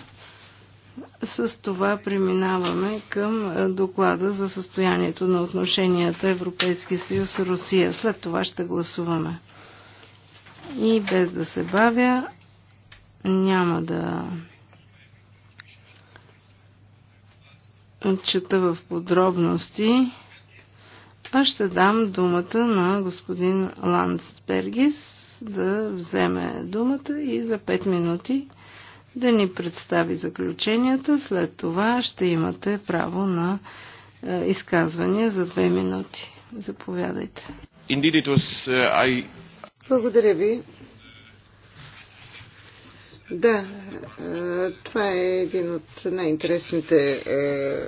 С това преминаваме към е, доклада за състоянието на отношенията Европейския съюз-Русия. След това ще гласуваме. И без да се бавя, няма да чета в подробности, а ще дам думата на господин Ландсбергис да вземе думата и за 5 минути да ни представи заключенията. След това ще имате право на е, изказвания за 2 минути. Заповядайте. Е, Благодаря ви. Да, е, това е един от най-интересните е, е,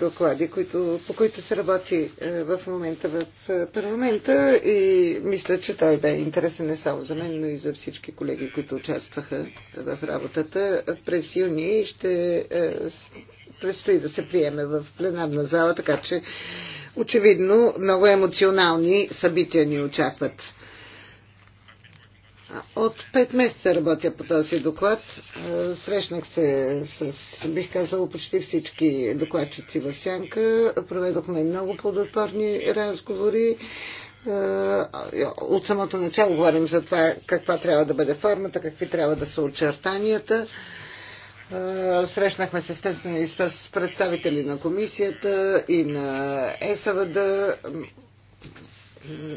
доклади, които, по които се работи в момента в парламента и мисля, че той бе интересен не само за мен, но и за всички колеги, които участваха в работата. През юни ще предстои да се приеме в пленарна зала, така че очевидно много емоционални събития ни очакват. От пет месеца работя по този доклад. Е, срещнах се с, бих казала, почти всички докладчици в Сянка. Проведохме много плодотворни разговори. Е, от самото начало говорим за това каква трябва да бъде формата, какви трябва да са очертанията. Е, срещнахме се естествено и с представители на комисията и на ЕСАВД.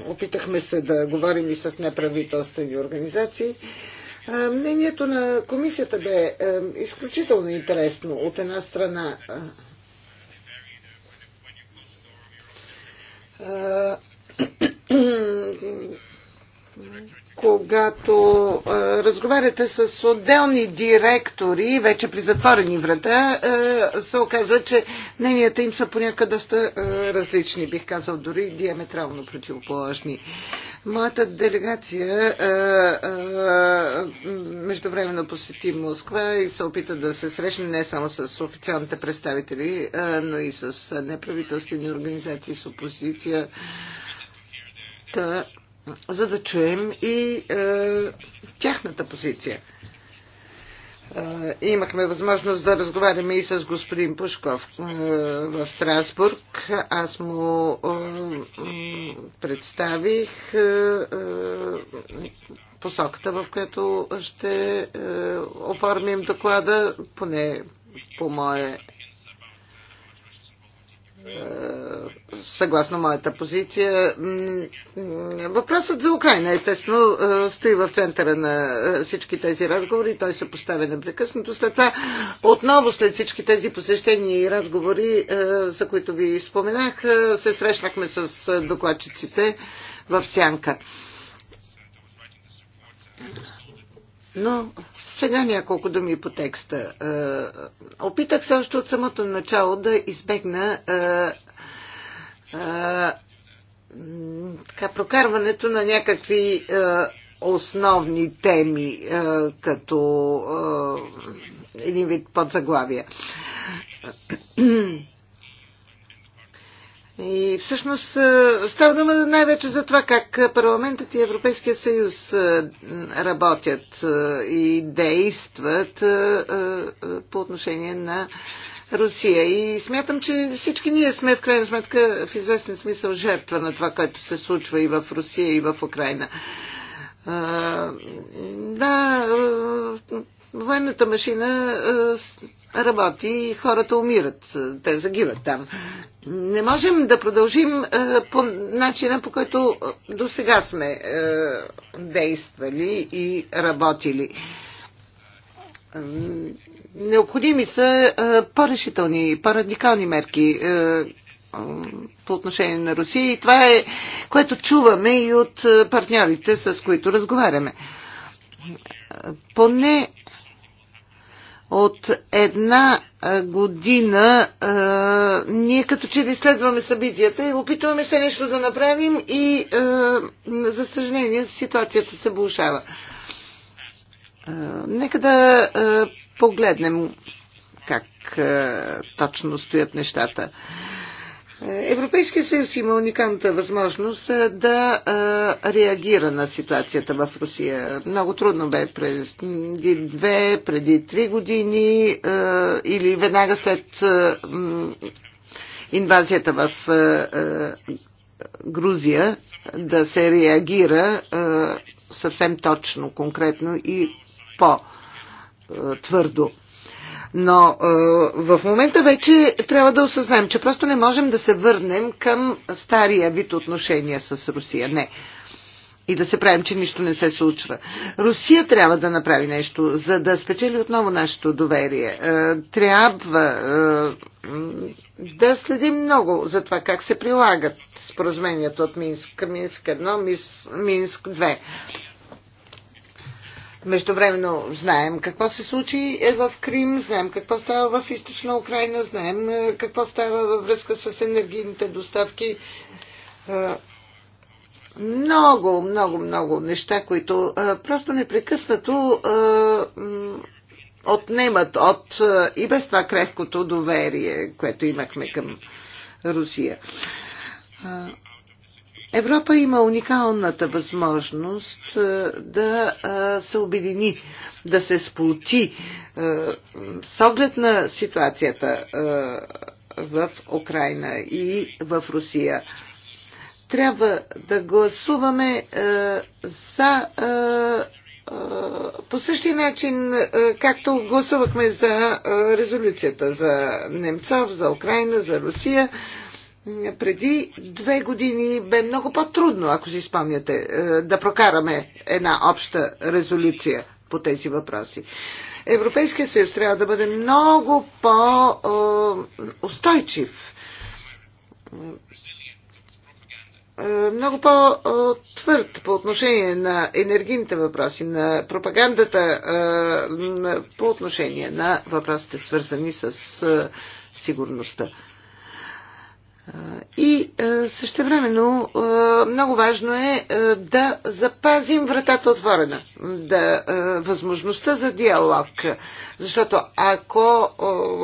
Опитахме се да говорим и с неправителствени организации. Мнението на комисията бе изключително интересно. От една страна когато е, разговаряте с отделни директори, вече при затворени врата, е, се оказва, че мненията им са понякога доста е, различни, бих казал, дори диаметрално противоположни. Моята делегация е, е, междувременно посети Москва и се опита да се срещне не само с официалните представители, е, но и с неправителствени организации, с опозиция. Та, за да чуем и е, тяхната позиция. Е, имахме възможност да разговаряме и с господин Пушков е, в Страсбург. Аз му е, представих е, е посоката, в която ще е, оформим доклада, поне по мое е, съгласно моята позиция. Въпросът за Украина, естествено, е, стои в центъра на е, всички тези разговори. Той се поставя непрекъснато. След това, отново след всички тези посещения и разговори, за които ви споменах, се срещнахме с докладчиците в Сянка. Но сега няколко думи по текста. Е, опитах се още от самото начало да избегна е, е, така, прокарването на някакви основни теми, като един вид подзаглавия. И всъщност е, става дума най-вече за това как парламентът и Европейския съюз е, работят е, и действат по отношение на Русия. И смятам, че всички ние сме в крайна сметка в известен смисъл жертва на това, което се случва и в Русия, и в Украина. Да, военната машина работи и хората умират. Те загиват там. Не можем да продължим е, по начина, по който е, до сега сме е, действали и работили. Необходими са по-решителни, по-радикални мерки по отношение на Русия и това е, което чуваме и от партньорите, с които разговаряме. Поне от една година а, ние като че ли следваме събитията и опитваме се нещо да направим и а, за съжаление ситуацията се влушава. Нека да а, погледнем как а, точно стоят нещата. А, Европейския съюз има уникалната възможност да реагира на ситуацията в Русия. Много трудно бе преди две, преди три години или веднага след инвазията в Грузия да се реагира съвсем точно, конкретно и по-твърдо. Но е, в момента вече трябва да осъзнаем, че просто не можем да се върнем към стария вид отношения с Русия. Не. И да се правим, че нищо не се случва. Русия трябва да направи нещо, за да спечели отново нашето доверие. Е, трябва е, да следим много за това как се прилагат споразумението от Минск, Минск 1, Минск 2. Междувременно знаем какво се случи е, в Крим, знаем какво става в източна Украина, знаем е, какво става във връзка с енергийните доставки. Е, много, много, много неща, които просто непрекъснато отнемат от и без това крехкото доверие, което имахме към Русия. Европа има уникалната възможност е, да е, се обедини, да се сплоти е, с оглед на ситуацията в Украина и в Русия. Трябва да гласуваме за по същия начин, както гласувахме за резолюцията за Немцов, за Украина, за Русия, преди две години бе много по-трудно, ако си спомняте, е, да прокараме една обща резолюция по тези въпроси. Европейския съюз трябва да бъде много по-устойчив, е, много по-твърд по отношение на енергийните въпроси, на пропагандата, е, по отношение на въпросите свързани с сигурността. И същевременно много важно е да запазим вратата отворена, да, възможността за диалог. Защото ако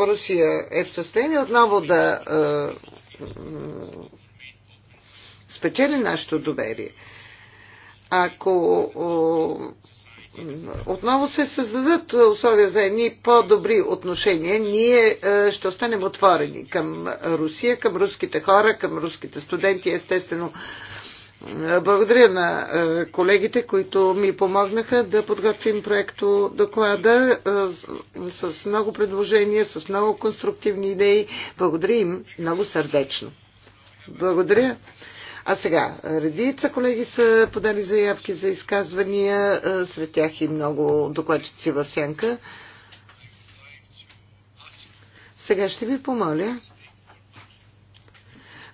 Русия е в състояние отново да спечели нашето доверие, ако отново се създадат условия за едни по-добри отношения. Ние е, ще останем отворени към Русия, към руските хора, към руските студенти, естествено. Е, благодаря на е, колегите, които ми помогнаха да подготвим проекто доклада с много предложения, с много конструктивни идеи. Благодаря им много сърдечно. Благодаря. А сега, редица колеги са подали заявки за изказвания, сред тях и много докладчици в сянка. Сега ще ви помоля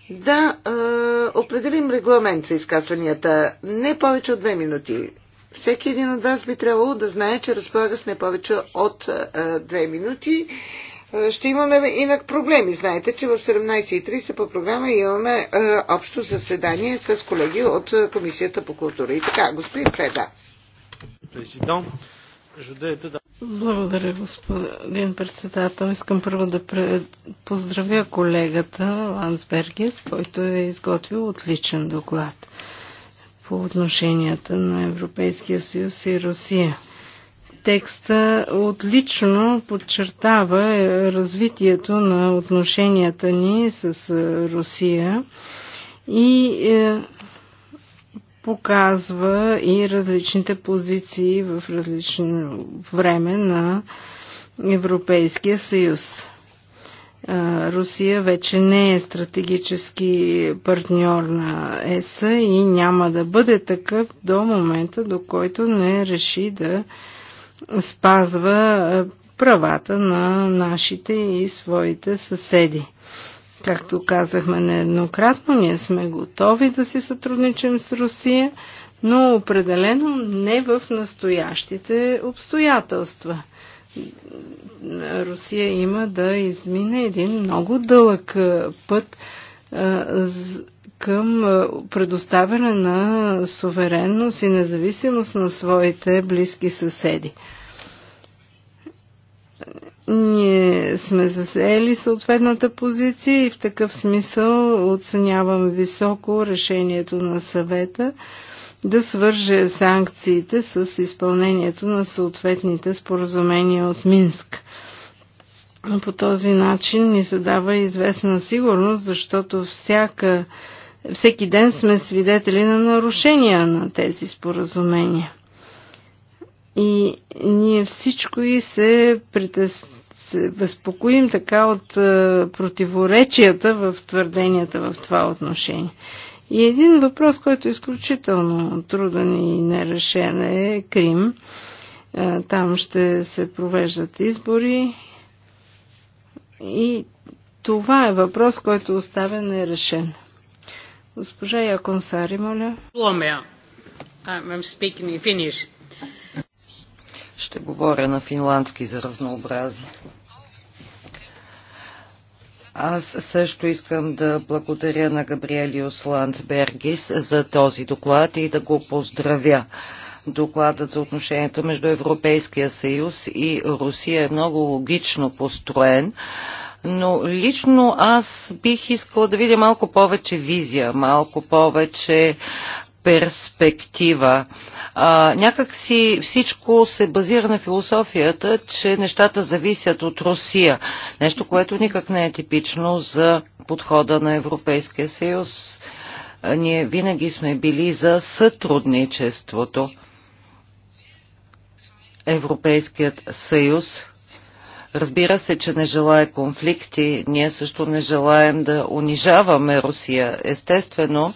да е, определим регламент за изказванията. Не повече от две минути. Всеки един от вас би трябвало да знае, че разполага с не повече от е, две минути. Е, ще имаме инак проблеми. Знаете, че в 17.30 по програма имаме е, общо заседание с колеги от е, Комисията по култура. И така, господин Преда. Благодаря, господин председател. Искам първо да поздравя колегата Лансбергес, който е изготвил отличен доклад по отношенията на Европейския съюз и Русия текста отлично подчертава е, развитието на отношенията ни с е, Русия и е, показва и различните позиции в различно време на Европейския съюз. Русия вече не е стратегически партньор на ЕС и няма да бъде такъв до момента, до който не реши да спазва правата на нашите и своите съседи. Както казахме нееднократно, ние сме готови да си сътрудничим с Русия, но определено не в настоящите обстоятелства. Русия има да измине един много дълъг път към е, предоставяне на суверенност и независимост на своите близки съседи. Ние сме засели съответната позиция и в такъв смисъл оценявам високо решението на съвета да свърже санкциите с изпълнението на съответните споразумения от Минск. По този начин ни се дава известна сигурност, защото всяка всеки ден сме свидетели на нарушения на тези споразумения. И ние всичко и се, притес... се безпокоим така от е, противоречията в твърденията в това отношение. И един въпрос, който е изключително труден и нерешен е Крим. Е, там ще се провеждат избори и това е въпрос, който оставя нерешен. Госпожа Яконсари, моля. Ломея. I'm speaking in Finnish. Ще говоря на финландски за разнообразие. Аз също искам да благодаря на Габриелиус Ландсбергис за този доклад и да го поздравя. Докладът за отношенията между Европейския съюз и Русия е много логично построен но лично аз бих искала да видя малко повече визия, малко повече перспектива. А, някак си всичко се базира на философията, че нещата зависят от Русия. Нещо, което никак не е типично за подхода на Европейския съюз. А, ние винаги сме били за сътрудничеството. Европейският съюз Разбира се, че не желая конфликти. Ние също не желаем да унижаваме Русия. Естествено,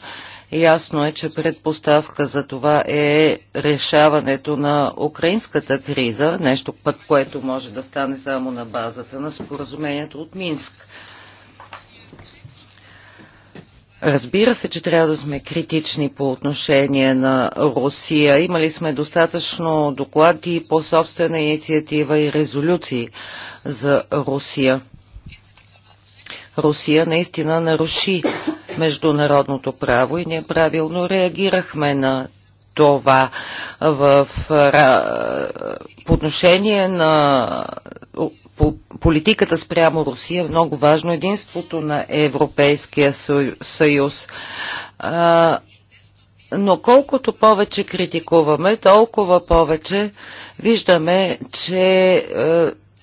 ясно е, че предпоставка за това е решаването на украинската криза, нещо пък, което може да стане само на базата на споразумението от Минск. Разбира се, че трябва да сме критични по отношение на Русия. Имали сме достатъчно доклади по собствена инициатива и резолюции за Русия. Русия наистина наруши международното право и ние правилно реагирахме на това в, по отношение на по политиката спрямо Русия е много важно единството на Европейския съюз. А, но колкото повече критикуваме, толкова повече виждаме, че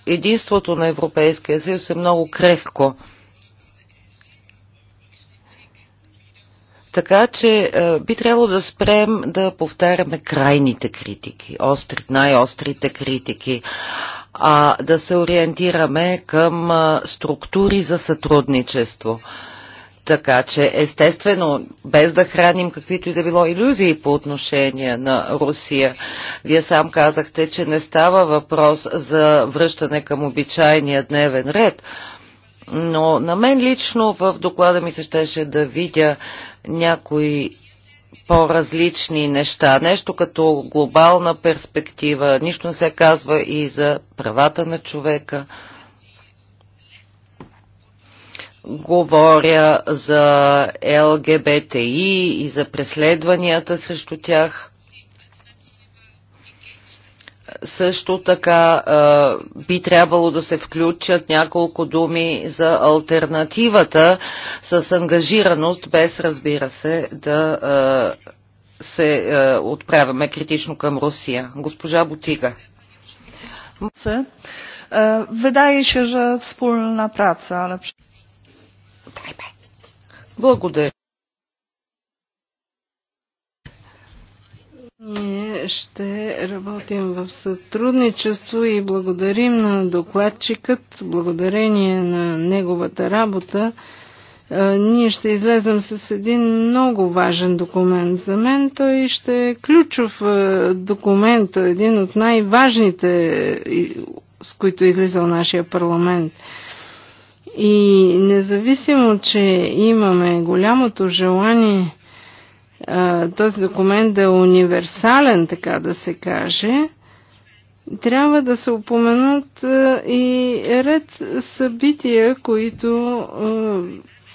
единството на Европейския съюз е много крехко. Така че би трябвало да спрем да повтаряме крайните критики, най-острите критики а да се ориентираме към структури за сътрудничество. Така че, естествено, без да храним каквито и да било иллюзии по отношение на Русия, вие сам казахте, че не става въпрос за връщане към обичайния дневен ред, но на мен лично в доклада ми се щеше да видя някои по-различни неща. Нещо като глобална перспектива. Нищо не се казва и за правата на човека. Говоря за ЛГБТИ и за преследванията срещу тях. Също така би трябвало да се включат няколко думи за альтернативата с ангажираност, без разбира се да се отправяме критично към Русия. Госпожа Бутига. Благодаря. Ние ще работим в сътрудничество и благодарим на докладчикът, благодарение на неговата работа. Ние ще излезем с един много важен документ. За мен той ще е ключов документ, един от най-важните, с които е излизал нашия парламент. И независимо, че имаме голямото желание този документ да е универсален, така да се каже, трябва да се упоменат и ред събития, които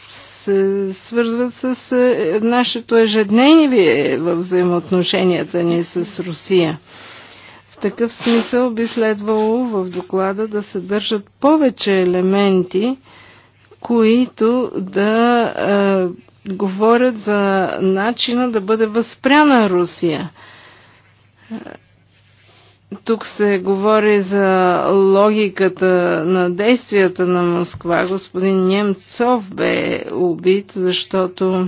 се свързват с нашето ежедневие в взаимоотношенията ни с Русия. В такъв смисъл би следвало в доклада да съдържат повече елементи, които да говорят за начина да бъде възпряна Русия. Тук се говори за логиката на действията на Москва. Господин Немцов бе убит, защото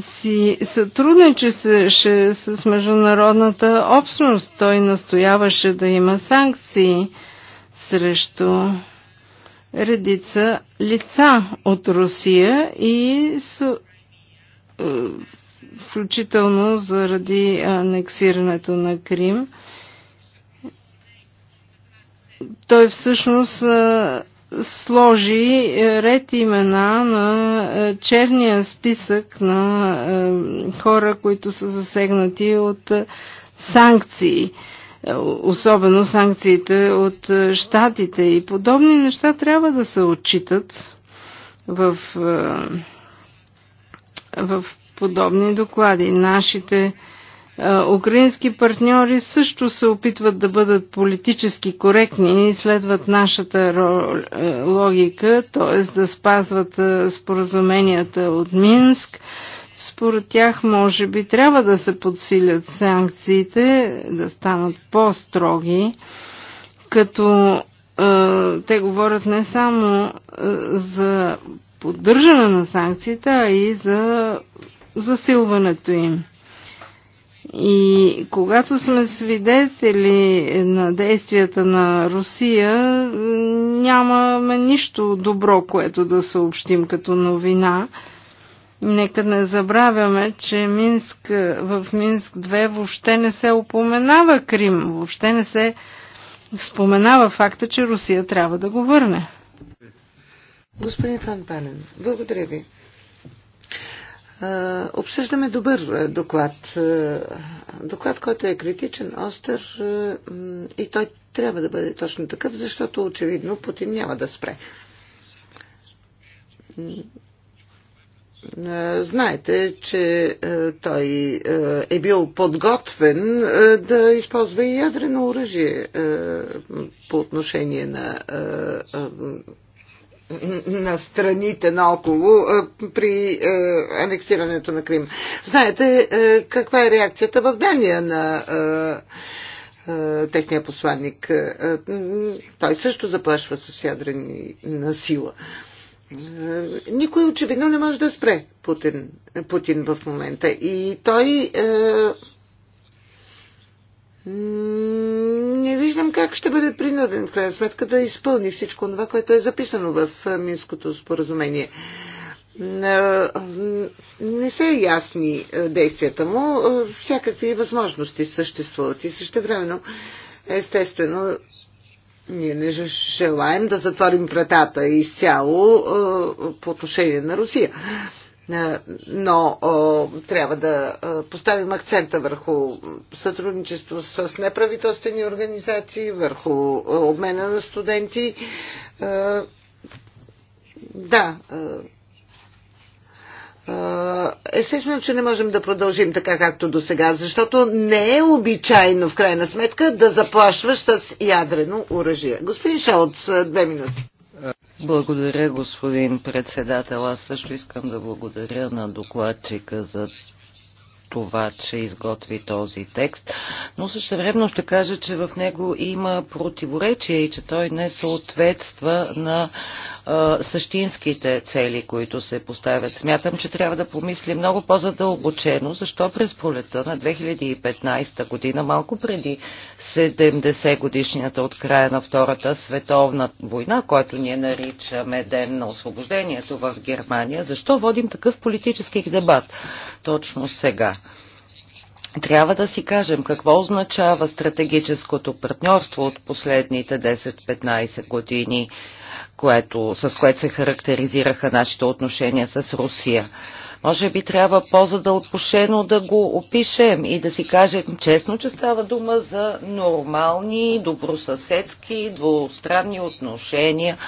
си сътрудничеше с международната общност. Той настояваше да има санкции срещу редица лица от Русия и с, е, включително заради анексирането на Крим. Той всъщност е, сложи ред имена на е, черния списък на хора, които са засегнати от санкции особено санкциите от е, щатите и подобни неща трябва да се отчитат в, е, в подобни доклади. Нашите е, украински партньори също се опитват да бъдат политически коректни и следват нашата логика, т.е. да спазват споразуменията от Минск, според тях, може би, трябва да се подсилят санкциите, да станат по-строги, като те говорят не само за поддържане на санкциите, а и за засилването им. И когато сме свидетели на действията на Русия, нямаме нищо добро, което да съобщим като новина. Нека не забравяме, че Минск, в Минск 2 въобще не се упоменава Крим, въобще не се споменава факта, че Русия трябва да го върне. Господин Фан Пален, благодаря ви. Обсъждаме добър доклад. Доклад, който е критичен, остър и той трябва да бъде точно такъв, защото очевидно Путин няма да спре. Е, знаете, че е, той е, е бил подготвен да използва и ядрено оръжие по отношение на, на страните наоколо при анексирането на Крим. Знаете каква е реакцията в Дания на техния посланник. Той също заплашва с ядрени насила. сила никой очевидно не може да спре Путин, Путин в момента. И той е, не виждам как ще бъде принуден в крайна сметка да изпълни всичко това, което е записано в е, Минското споразумение. Е, не са ясни е, действията му, всякакви възможности съществуват и също времено, естествено, ние не желаем да затворим вратата изцяло е, по отношение на Русия. Е, но е, трябва да поставим акцента върху сътрудничество с неправителствени организации, върху обмена на студенти. Да, е, естествено, че не можем да продължим така както до сега, защото не е обичайно в крайна сметка да заплашваш с ядрено оръжие. Господин Шалц, две минути. Благодаря, господин председател. Аз също искам да благодаря на докладчика за това, че изготви този текст, но същевременно ще кажа, че в него има противоречие и че той не съответства на същинските цели, които се поставят. Смятам, че трябва да помисли много по-задълбочено, защо през полета на 2015 година, малко преди 70 годишнината от края на Втората световна война, който ние наричаме Ден на освобождението в Германия, защо водим такъв политически дебат точно сега? Трябва да си кажем какво означава стратегическото партньорство от последните 10-15 години което, с което се характеризираха нашите отношения с Русия. Може би трябва по-задълбочено да го опишем и да си кажем честно, че става дума за нормални, добросъседски, двустранни отношения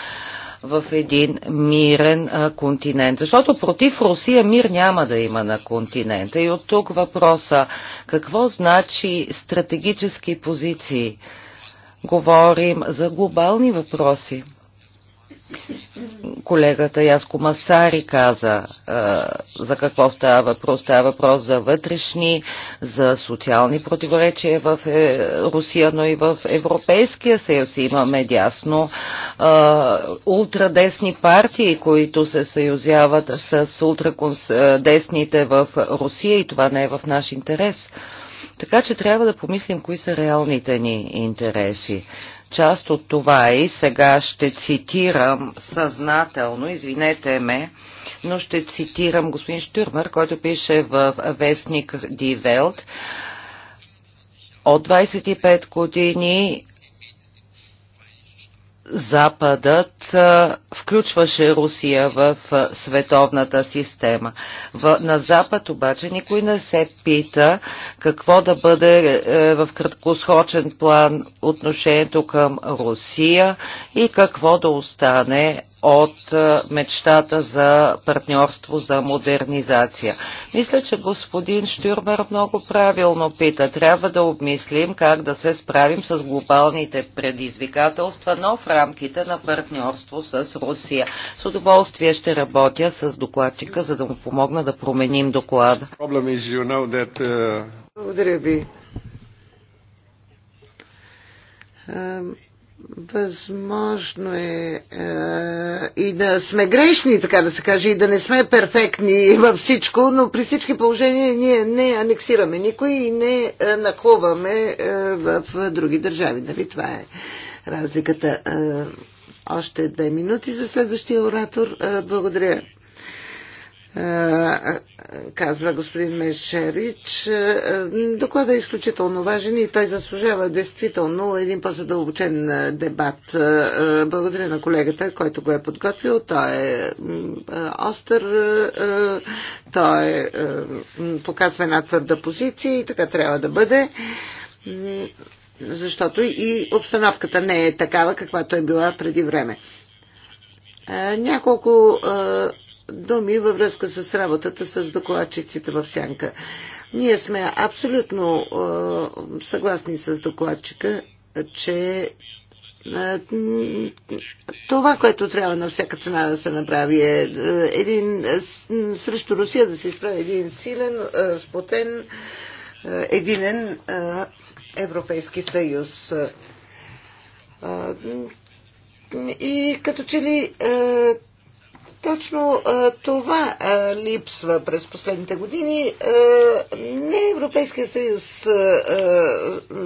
в един мирен а, континент. Защото против Русия мир няма да има на континента. И от тук въпроса, какво значи стратегически позиции? Говорим за глобални въпроси колегата Яско Масари каза е, за какво става въпрос. Става въпрос за вътрешни, за социални противоречия в е, Русия, но и в Европейския съюз. Имаме дясно е, ултрадесни партии, които се съюзяват с ултрадесните в Русия и това не е в наш интерес. Така че трябва да помислим кои са реалните ни интереси. Част от това е и сега ще цитирам съзнателно, извинете ме, но ще цитирам господин Штюрмър, който пише в вестник Die Welt. От 25 години Западът включваше Русия в световната система. На Запад обаче никой не се пита какво да бъде е, в краткосрочен план отношението към Русия и какво да остане от е, мечтата за партньорство за модернизация. Мисля, че господин Штюрмер много правилно пита. Трябва да обмислим как да се справим с глобалните предизвикателства, но в рамките на партньорство с Русия. С удоволствие ще работя с докладчика, за да му помогна да променим доклада. Е, Благодаря ви. Възможно е, е и да сме грешни, така да се каже, и да не сме перфектни *laughs* във всичко, но при всички положения ние не анексираме никой и не е, нахлуваме е, в други държави. Нали? Това е разликата. Е, още две минути за следващия оратор. Е, благодаря. Е, казва господин Мешерич. Е, Докладът е изключително важен и той заслужава действително един по-задълбочен е, дебат. Благодаря на колегата, който го е подготвил. Той е остър, той е, показва една твърда позиция и така трябва да бъде защото и обстановката не е такава, каквато е била преди време. Няколко думи във връзка с работата с докладчиците в Сянка. Ние сме абсолютно е, съгласни с докладчика, че това, което трябва на всяка цена да се направи е, е един, е, срещу Русия да се изправи един силен, е, спотен, единен Европейски съюз. И като че ли точно това липсва през последните години. Не Европейския съюз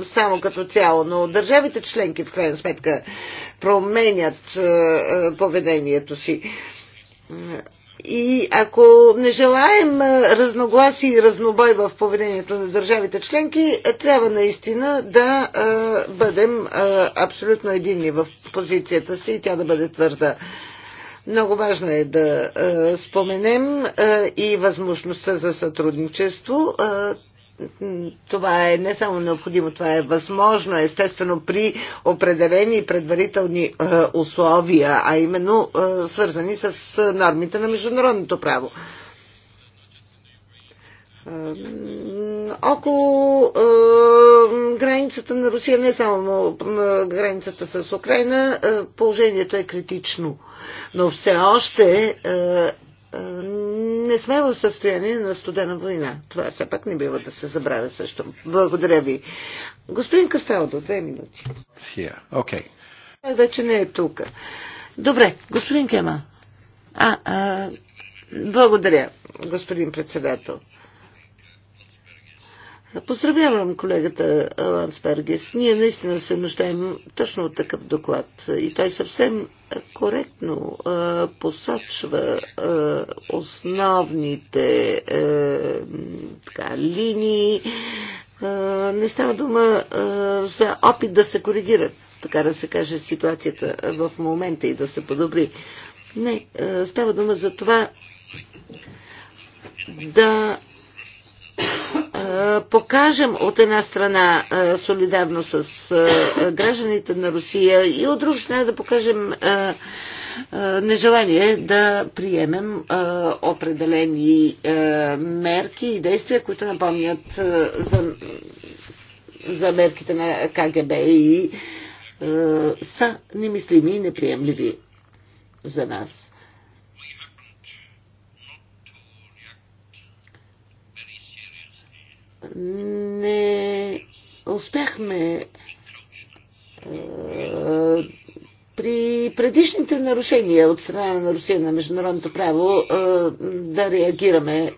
само като цяло, но държавите членки в крайна сметка променят поведението си. И ако не желаем разногласи и разнобой в поведението на държавите членки, трябва наистина да бъдем абсолютно единни в позицията си и тя да бъде твърда. Много важно е да е, споменем е, и възможността за сътрудничество. Е, това е не само необходимо, това е възможно, естествено, при определени предварителни е, условия, а именно е, свързани с е, нормите на международното право. Е, около е, границата на Русия, не само границата с Украина, е, положението е критично. Но все още е, е, не сме в състояние на студена война. Това все пак не бива да се забравя също. Благодаря ви. Господин Касталдо, две минути. Okay. Той вече не е тук. Добре, господин Кема. А, а, благодаря, господин председател. Поздравявам колегата Лансбергес. Ние наистина се нуждаем точно от такъв доклад. И той съвсем коректно посочва основните така, линии. не става дума за опит да се коригират, така да се каже, ситуацията в момента и да се подобри. Не, става дума за това да е, покажем от една страна е, солидарно с е, гражданите на Русия и от друга страна да покажем нежелание да приемем определени мерки и действия, които напомнят за, за мерките на КГБ и са немислими и неприемливи за нас. не успяхме е, при предишните нарушения от страна на Русия на международното право е, да реагираме е,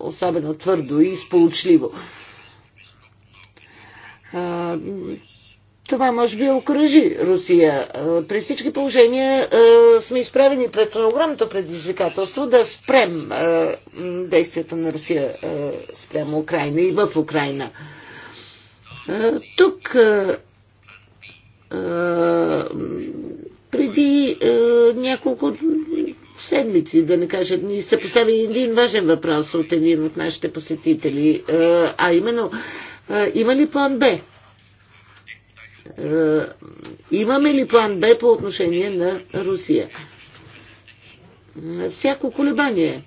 особено твърдо и сполучливо. Това може би окръжи Русия. Е, при всички положения е, сме изправени пред огромното предизвикателство да спрем е, действията на Русия спрямо Украина и в Украина. Тук преди няколко седмици, да не кажа ни се постави един важен въпрос от един от нашите посетители, а именно има ли план Б е, имаме ли план Б по отношение на Русия? Е, всяко колебание,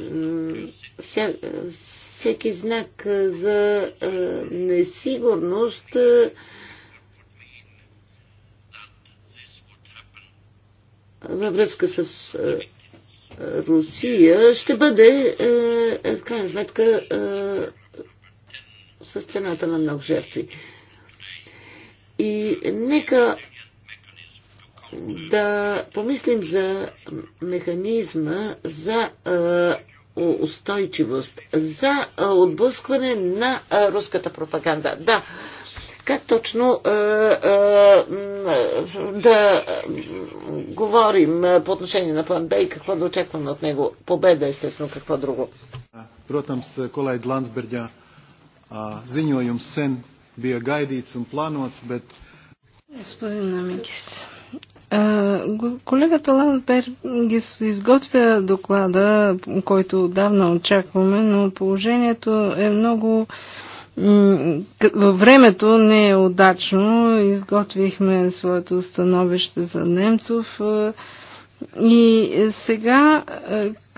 е, вся, всеки знак за несигурност във връзка с Русия ще бъде в крайна сметка с цената на много жертви. И нека да помислим за механизма за устойчивост, за отблъскване на руската пропаганда. Да, как точно да говорим по отношение на план Б и какво да очакваме от него? Победа, естествено, какво друго. с Колайд Ландсбердя, Зиньо Юмсен, bija gaidīts un plānots, bet. Господин Намикис, колегата Ландбергис изготвя доклада, който отдавна очакваме, но положението е много във времето не е удачно. Изготвихме своето становище за Немцов и сега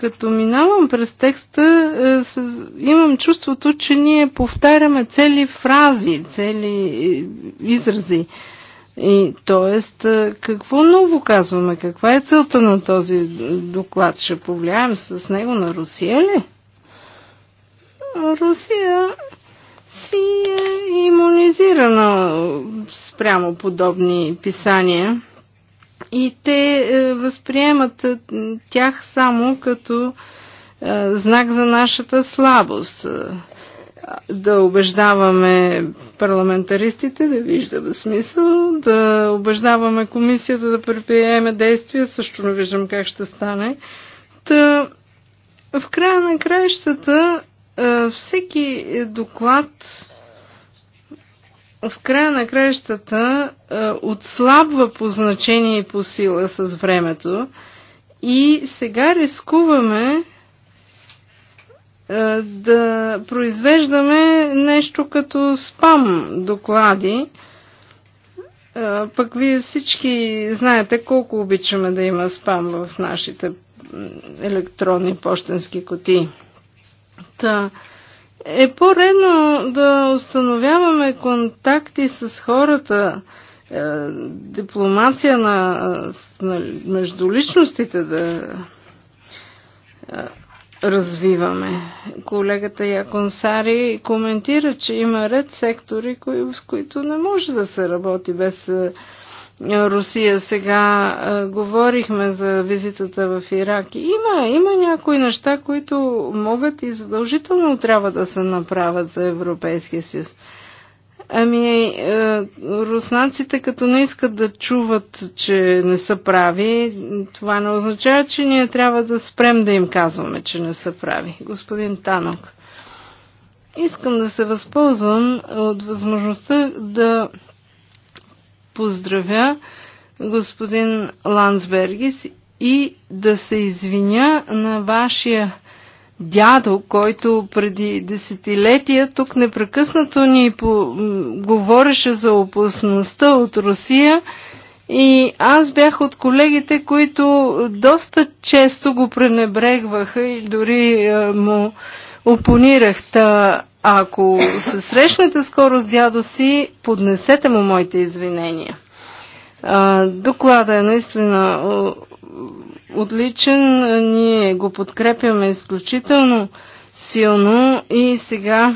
като минавам през текста, е, имам чувството, че ние повтаряме цели фрази, цели е, изрази. И, тоест, е, какво ново казваме? Каква е целта на този доклад? Ще повлияем с него на Русия ли? Русия си е иммунизирана спрямо подобни писания и те е, възприемат е, тях само като е, знак за нашата слабост. Да убеждаваме парламентаристите да виждаме смисъл, да убеждаваме комисията да предприеме действия, също не виждам как ще стане. Та, в края на краищата всеки доклад в края на краищата е, отслабва по значение и по сила с времето и сега рискуваме е, да произвеждаме нещо като спам доклади. Е, пък вие всички знаете колко обичаме да има спам в нашите електронни почтенски кутии. Та, е по-редно да установяваме контакти с хората, е, дипломация на, е, на между личностите да е, развиваме. Колегата Яконсари коментира, че има ред сектори, кои, с които не може да се работи без е, Русия. Сега а, говорихме за визитата в Ирак. Има, има някои неща, които могат и задължително трябва да се направят за Европейския съюз. Ами, е, руснаците като не искат да чуват, че не са прави, това не означава, че ние трябва да спрем да им казваме, че не са прави. Господин Танок, искам да се възползвам от възможността да поздравя господин Лансбергис и да се извиня на вашия дядо, който преди десетилетия тук непрекъснато ни по- говореше за опасността от Русия и аз бях от колегите, които доста често го пренебрегваха и дори е, му опонирах. Та, ако се срещнете скоро с дядо си, поднесете му моите извинения. Доклада е наистина отличен. Ние го подкрепяме изключително силно и сега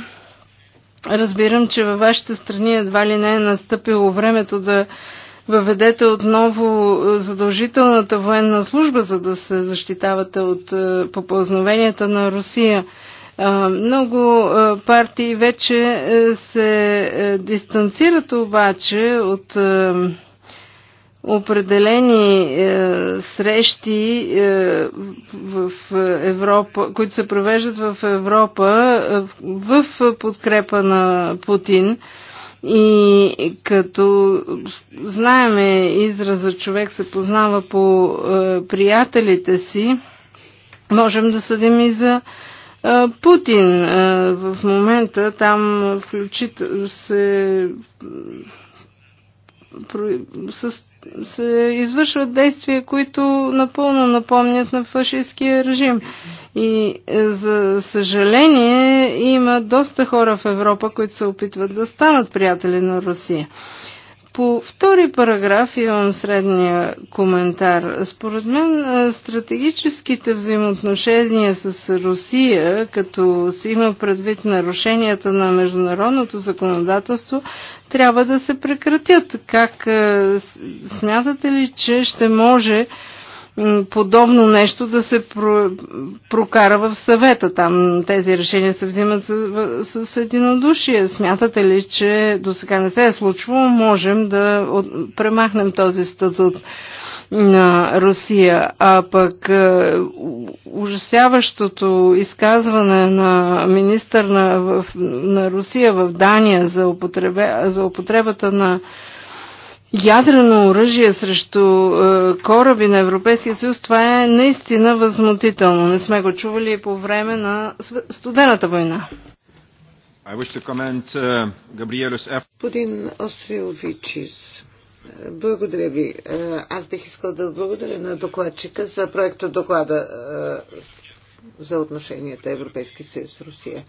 разбирам, че във вашите страни едва ли не е настъпило времето да въведете отново задължителната военна служба, за да се защитавате от попълзновенията на Русия. Много партии вече е, се е, дистанцират обаче от е, определени срещи в Европа, които се провеждат в Европа в подкрепа на Путин. И като знаеме израза човек се познава по приятелите си, можем да съдим и за Путин в момента там включително се се извършват действия, които напълно напомнят на фашистския режим. И е, за съжаление има доста хора в Европа, които се опитват да станат приятели на Русия. По втори параграф имам средния коментар. Според мен стратегическите взаимоотношения с Русия, като се има предвид нарушенията на международното законодателство, трябва да се прекратят. Как смятате ли, че ще може подобно нещо да се прокара в съвета. Там тези решения се взимат с, с единодушие. Смятате ли, че до сега не се е случвало, можем да от, премахнем този статут на Русия. А пък е, ужасяващото изказване на министър на, в, на Русия в Дания за, употребе, за употребата на ядрено оръжие срещу е, кораби на Европейския съюз, това е наистина възмутително. Не сме го чували и по време на студената война. Е, Господин Остриовичис, е, благодаря ви. Е, аз бих искал да благодаря на докладчика за проекта доклада за отношенията Европейски съюз с Русия.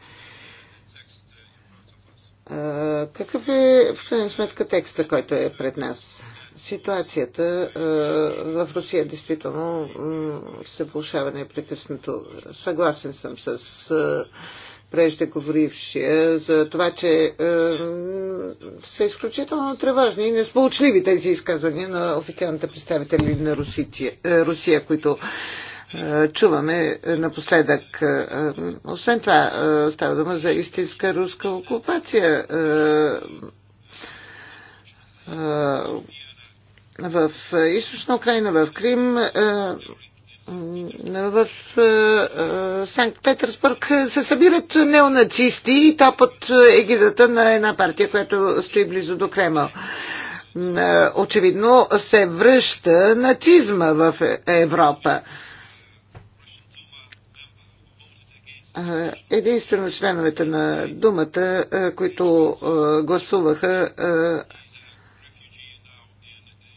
Какъв е в крайна сметка текста, който е пред нас? Ситуацията в Русия действително се влушава непрекъснато. Съгласен съм с преждеговорившия за това, че са изключително тревожни и несполучливи тези изказвания на официалните представители на Русия които е, чуваме напоследък. Е, е, освен това, става дума за истинска руска окупация в източна Украина, в Крим, в Санкт-Петербург се събират неонацисти и то под егидата на една партия, която стои близо до Кремъл. Очевидно се връща нацизма в Европа. Единствено членовете на думата, които гласуваха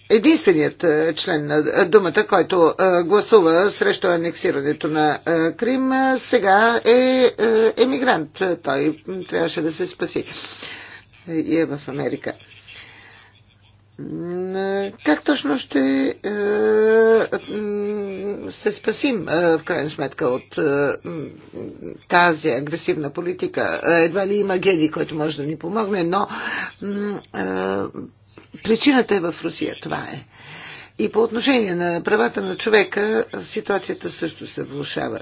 единственият член на думата, който гласува срещу анексирането на Крим, сега е емигрант. Той трябваше да се спаси и е в Америка. Как точно ще е, се спасим е, в крайна сметка от е, тази агресивна политика? Едва ли има геди, който може да ни помогне, но причината е в Русия. Това е. И по отношение на правата на човека ситуацията също се влушава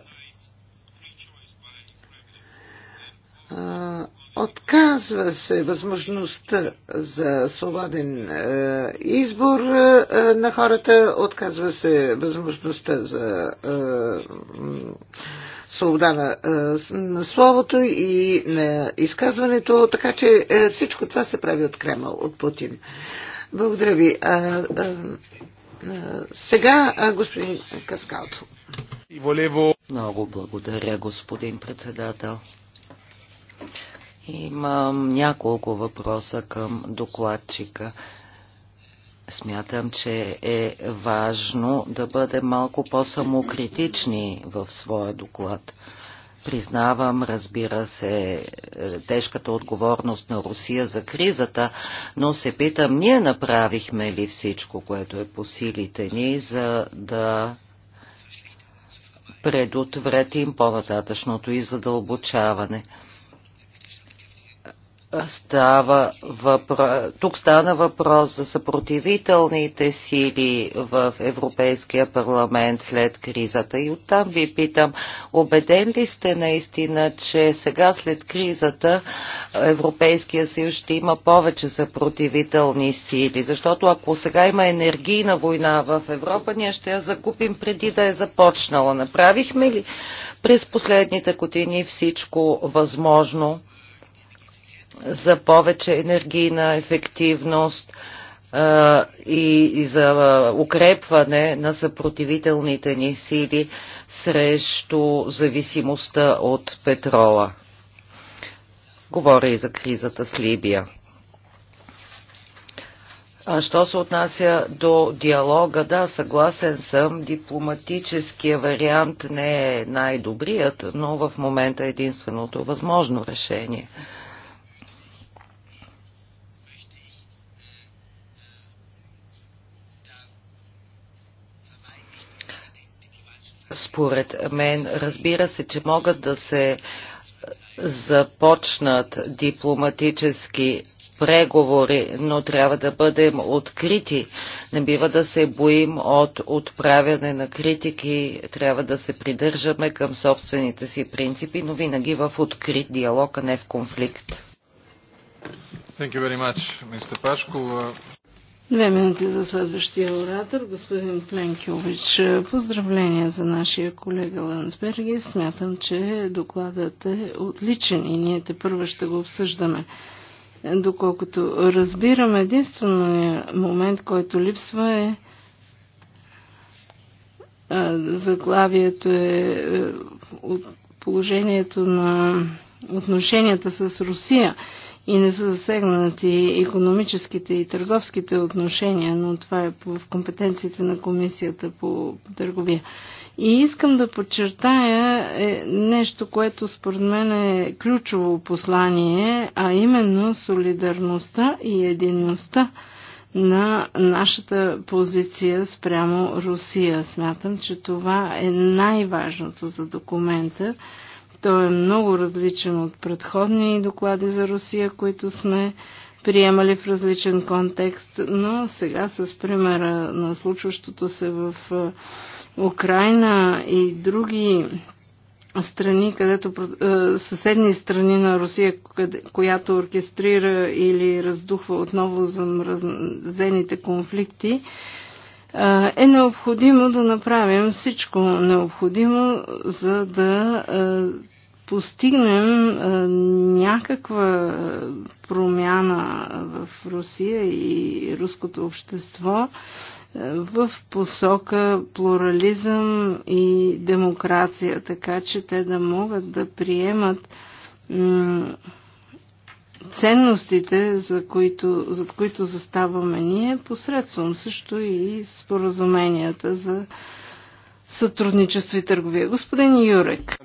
Отказва се възможността за свободен е, избор е, на хората, отказва се възможността за е, свобода на, е, на словото и на изказването, така че е, всичко това се прави от Кремъл, от Путин. Благодаря ви. А, а, а, сега а, господин Каскалто. Много благодаря, господин председател. Имам няколко въпроса към докладчика. Смятам, че е важно да бъдем малко по-самокритични в своя доклад. Признавам, разбира се, тежката отговорност на Русия за кризата, но се питам, ние направихме ли всичко, което е по силите ни, за да предотвратим по-нататъчното и задълбочаване става въпрос, тук стана въпрос за съпротивителните сили в Европейския парламент след кризата. И оттам ви питам, убеден ли сте наистина, че сега след кризата Европейския съюз ще има повече съпротивителни сили? Защото ако сега има енергийна война в Европа, ние ще я закупим преди да е започнала. Направихме ли през последните години всичко възможно? за повече енергийна ефективност и, и за укрепване на съпротивителните ни сили срещу зависимостта от петрола. Говоря и за кризата с Либия. А що се отнася до диалога, да, съгласен съм, дипломатическия вариант не е най-добрият, но в момента е единственото възможно решение. според мен. Разбира се, че могат да се започнат дипломатически преговори, но трябва да бъдем открити. Не бива да се боим от отправяне на критики, трябва да се придържаме към собствените си принципи, но винаги в открит диалог, а не в конфликт. Thank you very much, Mr. Pashkov. Две минути за следващия оратор, господин Пленкиович. Поздравления за нашия колега Лансберги. Смятам, че докладът е отличен и ние те първо ще го обсъждаме. Доколкото разбирам, единственият момент, който липсва е заглавието е, е от положението на отношенията с Русия и не са засегнати економическите и търговските отношения, но това е в компетенциите на Комисията по търговия. И искам да подчертая е, нещо, което според мен е ключово послание, а именно солидарността и единността на нашата позиция спрямо Русия. Смятам, че това е най-важното за документа той е много различен от предходни доклади за Русия, които сме приемали в различен контекст, но сега с примера на случващото се в Украина и други страни, където съседни страни на Русия, която оркестрира или раздухва отново замразените конфликти, е необходимо да направим всичко необходимо, за да постигнем някаква промяна в Русия и руското общество в посока плурализъм и демокрация, така че те да могат да приемат ценностите, за които, за които заставаме ние, посредством също и споразуменията за сътрудничество и търговия. Господин Юрек.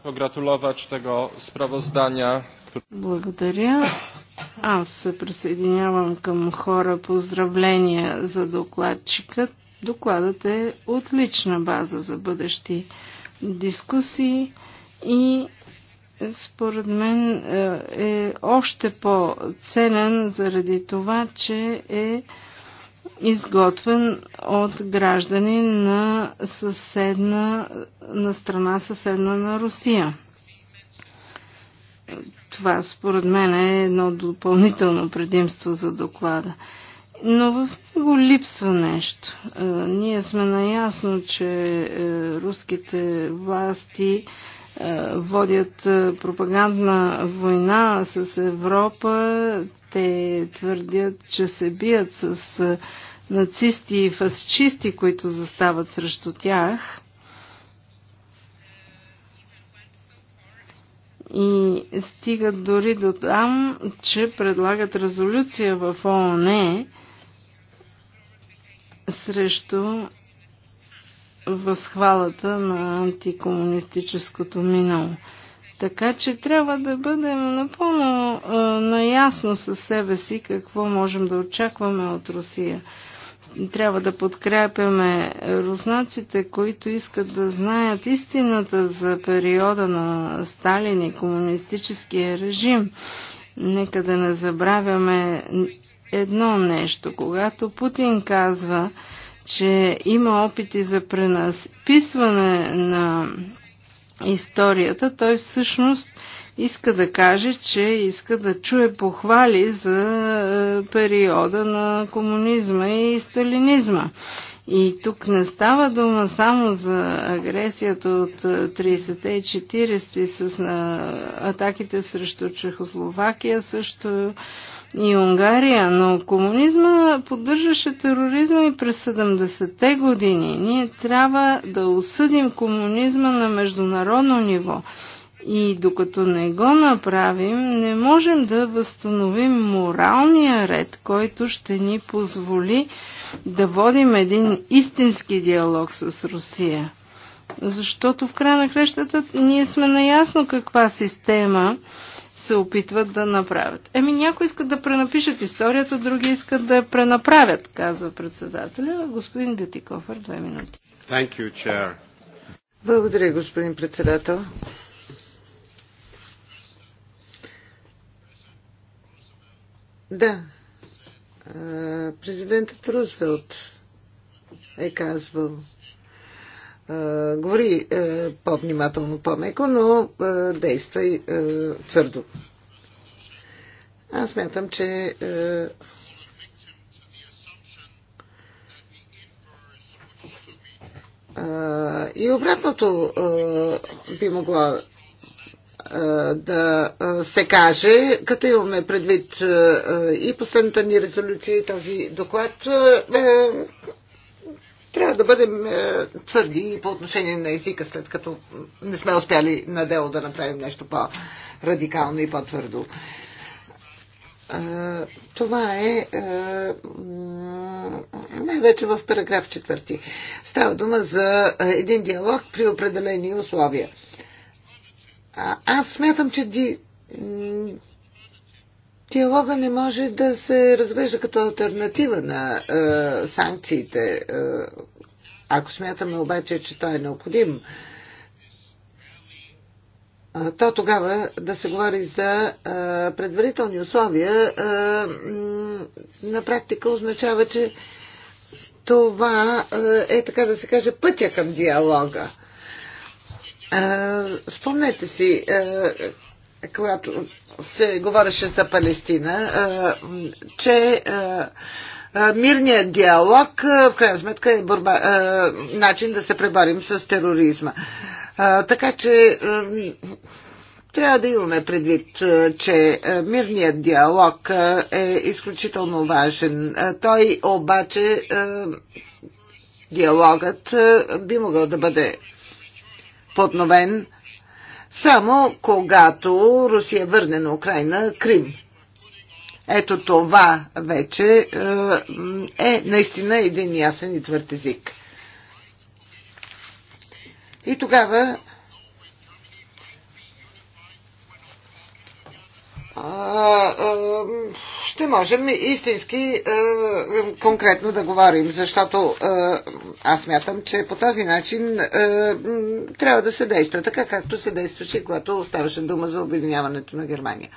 Благодаря. Аз се присъединявам към хора поздравления за докладчикът. Докладът е отлична база за бъдещи дискусии и според мен е, е още по-ценен заради това, че е изготвен от граждани на съседна, на страна съседна на Русия. Това според мен е едно допълнително предимство за доклада. Но в него липсва нещо. Е, ние сме наясно, че е, руските власти е, водят е, пропагандна война с Европа. Те твърдят, че се бият с е, нацисти и фасчисти, които застават срещу тях. И стигат дори до там, че предлагат резолюция в ООН срещу възхвалата на антикомунистическото минало. Така че трябва да бъдем напълно а, наясно със себе си какво можем да очакваме от Русия. Трябва да подкрепяме руснаците, които искат да знаят истината за периода на Сталин и комунистическия режим. Нека да не забравяме едно нещо. Когато Путин казва, че има опити за пренасписване на историята, той всъщност иска да каже, че иска да чуе похвали за е, периода на комунизма и сталинизма. И тук не става дума само за агресията от 30-те е, и 40 с на атаките срещу Чехословакия, също и Унгария, но комунизма поддържаше тероризма и през 70-те години. Ние трябва да осъдим комунизма на международно ниво. И докато не го направим, не можем да възстановим моралния ред, който ще ни позволи да водим един истински диалог с Русия. Защото в края на крещата ние сме наясно каква система се опитват да направят. Еми, някои искат да пренапишат историята, други искат да я пренаправят, казва председателя. Господин Бютикофър, две минути. Thank you, chair. Благодаря, господин председател. Да. Президентът Рузвелт е казвал, е, говори е, по-внимателно, по-меко, но е, действай твърдо. Аз мятам, че и обратното би могло да се каже, като имаме предвид и последната ни резолюция и този доклад, трябва да бъдем е, твърди по отношение на езика, след като не сме успяли на дело да направим нещо по-радикално и по-твърдо. Е, това е, е най-вече в параграф 4. Става дума за един диалог при определени условия. Аз смятам, че ди... диалога не може да се разглежда като альтернатива на е, санкциите е, ако смятаме обаче, че той е необходим, то тогава да се говори за предварителни условия на практика означава, че това е така да се каже пътя към диалога. Спомнете си, когато се говореше за Палестина, че мирният диалог в крайна сметка е борба, начин да се преборим с тероризма. Така че трябва да имаме предвид, че мирният диалог е изключително важен. Той обаче, диалогът би могъл да бъде подновен само когато Русия върне на Украина Крим. Ето това вече е, е наистина един ясен и твърд език. И тогава ще можем истински е, конкретно да говорим, защото е, аз мятам, че по този начин трябва да се действа, така както се действаше, когато оставаше дума за обединяването на Германия.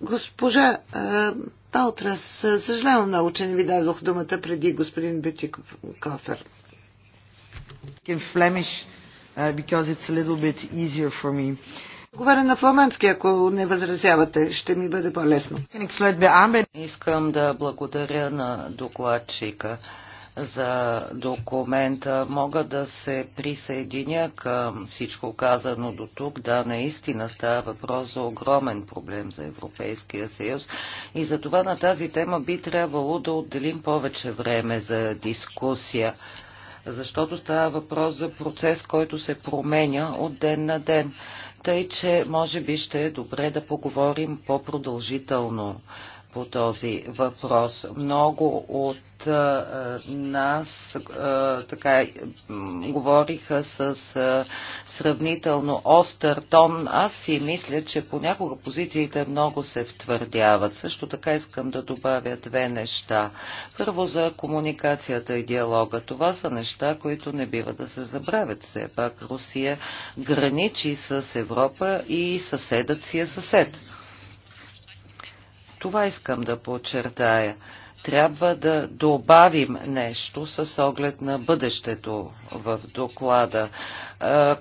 Госпожа Палтрас, съжалявам много, че не ви дадох думата преди господин Бютиков. Кофер. Uh, Говоря на фламандски, ако не възразявате, ще ми бъде по-лесно. Искам да благодаря на докладчика за документа. Мога да се присъединя към всичко казано до тук. Да, наистина става въпрос за огромен проблем за Европейския съюз и за това на тази тема би трябвало да отделим повече време за дискусия, защото става въпрос за процес, който се променя от ден на ден. Тъй, че може би ще е добре да поговорим по-продължително по този въпрос. Много от а, нас а, така говориха с а, сравнително остър тон. Аз си мисля, че понякога позициите много се втвърдяват. Също така искам да добавя две неща. Първо за комуникацията и диалога. Това са неща, които не бива да се забравят. Все пак Русия граничи с Европа и съседът си е съсед. Това искам да подчертая. Трябва да добавим нещо с оглед на бъдещето в доклада.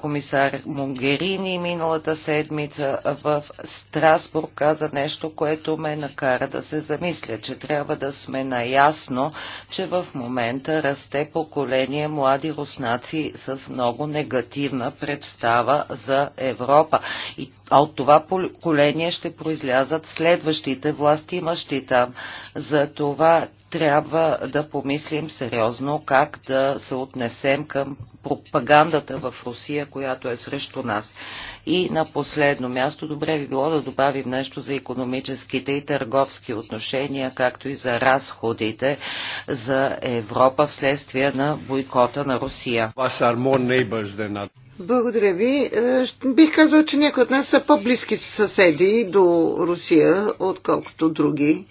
Комисар Могерини миналата седмица в Страсбург каза нещо, което ме накара да се замисля, че трябва да сме наясно, че в момента расте поколение млади руснаци с много негативна представа за Европа. И а от това поколение ще произлязат следващите власти имащи там. За това трябва да помислим сериозно как да се отнесем към пропагандата в Русия, която е срещу нас. И на последно място, добре би било да добавим нещо за економическите и търговски отношения, както и за разходите за Европа вследствие на бойкота на Русия. Благодаря ви. Е, бих казал, че някои от нас са по-близки съседи до Русия, отколкото други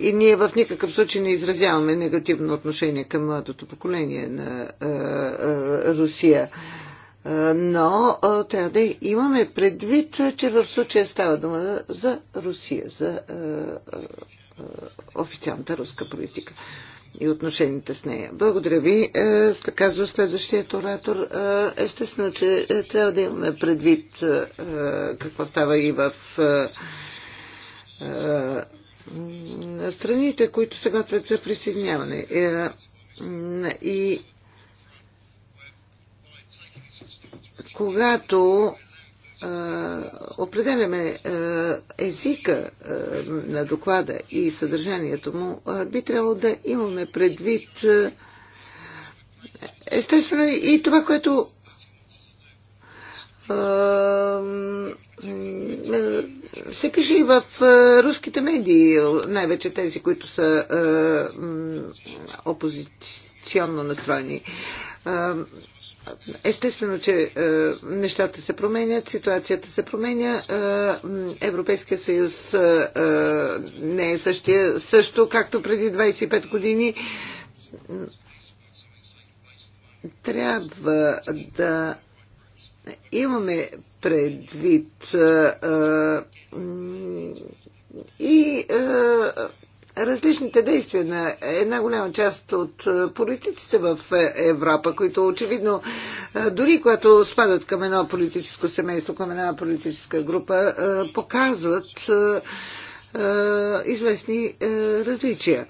и ние в никакъв случай не изразяваме негативно отношение към младото поколение на Русия. Но трябва да имаме предвид, че в случая става дума за Русия, за официалната руска политика и отношенията с нея. Благодаря ви. Казва следващият оратор. Естествено, че трябва да имаме предвид какво става и в страните, които се готвят за присъединяване. Е, и когато определяме езика на доклада и съдържанието му, би трябвало да имаме предвид естествено и това, което е, се пише и в е, руските медии, най-вече тези, които са е, опозиционно настроени. Естествено, че нещата се променят, ситуацията се променя. Европейския съюз не е същия, също както преди 25 години. Трябва да имаме предвид и различните действия на една голяма част от политиците в Европа, които очевидно, дори когато спадат към едно политическо семейство, към една политическа група, показват известни различия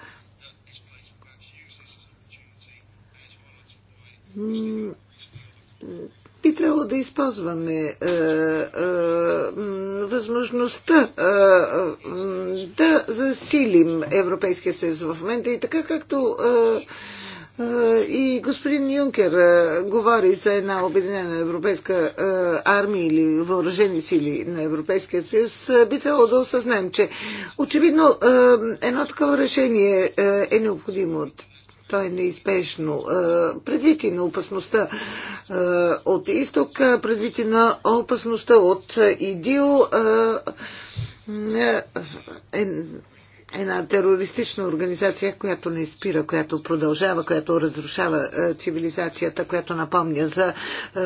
би трябвало да използваме е, е, възможността е, е, да засилим Европейския съюз в момента и така както е, е и господин Юнкер е, говори за една обединена европейска е, армия или въоръжени сили на Европейския съюз, би трябвало да осъзнаем, че очевидно едно такова решение е необходимо от то е неизбежно. Е, предвид и на опасността е, от изток, е, предвид и на опасността от ИДИЛ, една терористична организация, която не спира, която продължава, която разрушава цивилизацията, която напомня за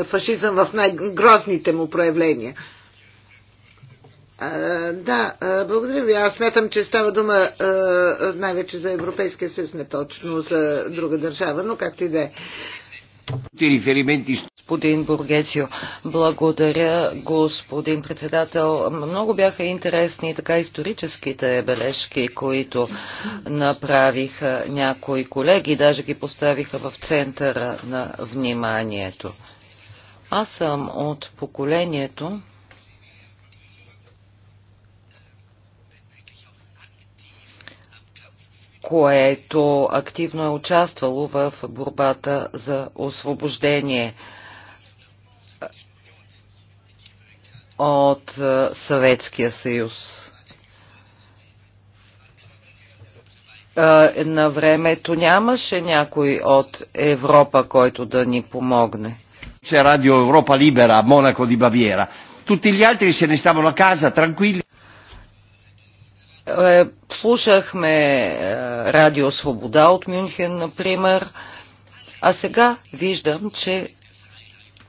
фашизъм в най-грозните му проявления да, благодаря ви. Аз смятам, че става дума най-вече за Европейския съюз, не точно за друга държава, но както и да е. Господин Бургецио, благодаря, господин председател. Много бяха интересни така историческите бележки, които направиха някои колеги, даже ги поставиха в центъра на вниманието. Аз съм от поколението, което активно е участвало в борбата за освобождение от е, Съветския съюз. Е, на времето нямаше някой от Европа, който да ни помогне. Радио Европа Либера, Монако ди Бавиера. Тути ли Tutti не altri se ne stavano е, слушахме е, Радио Свобода от Мюнхен, например, а сега виждам, че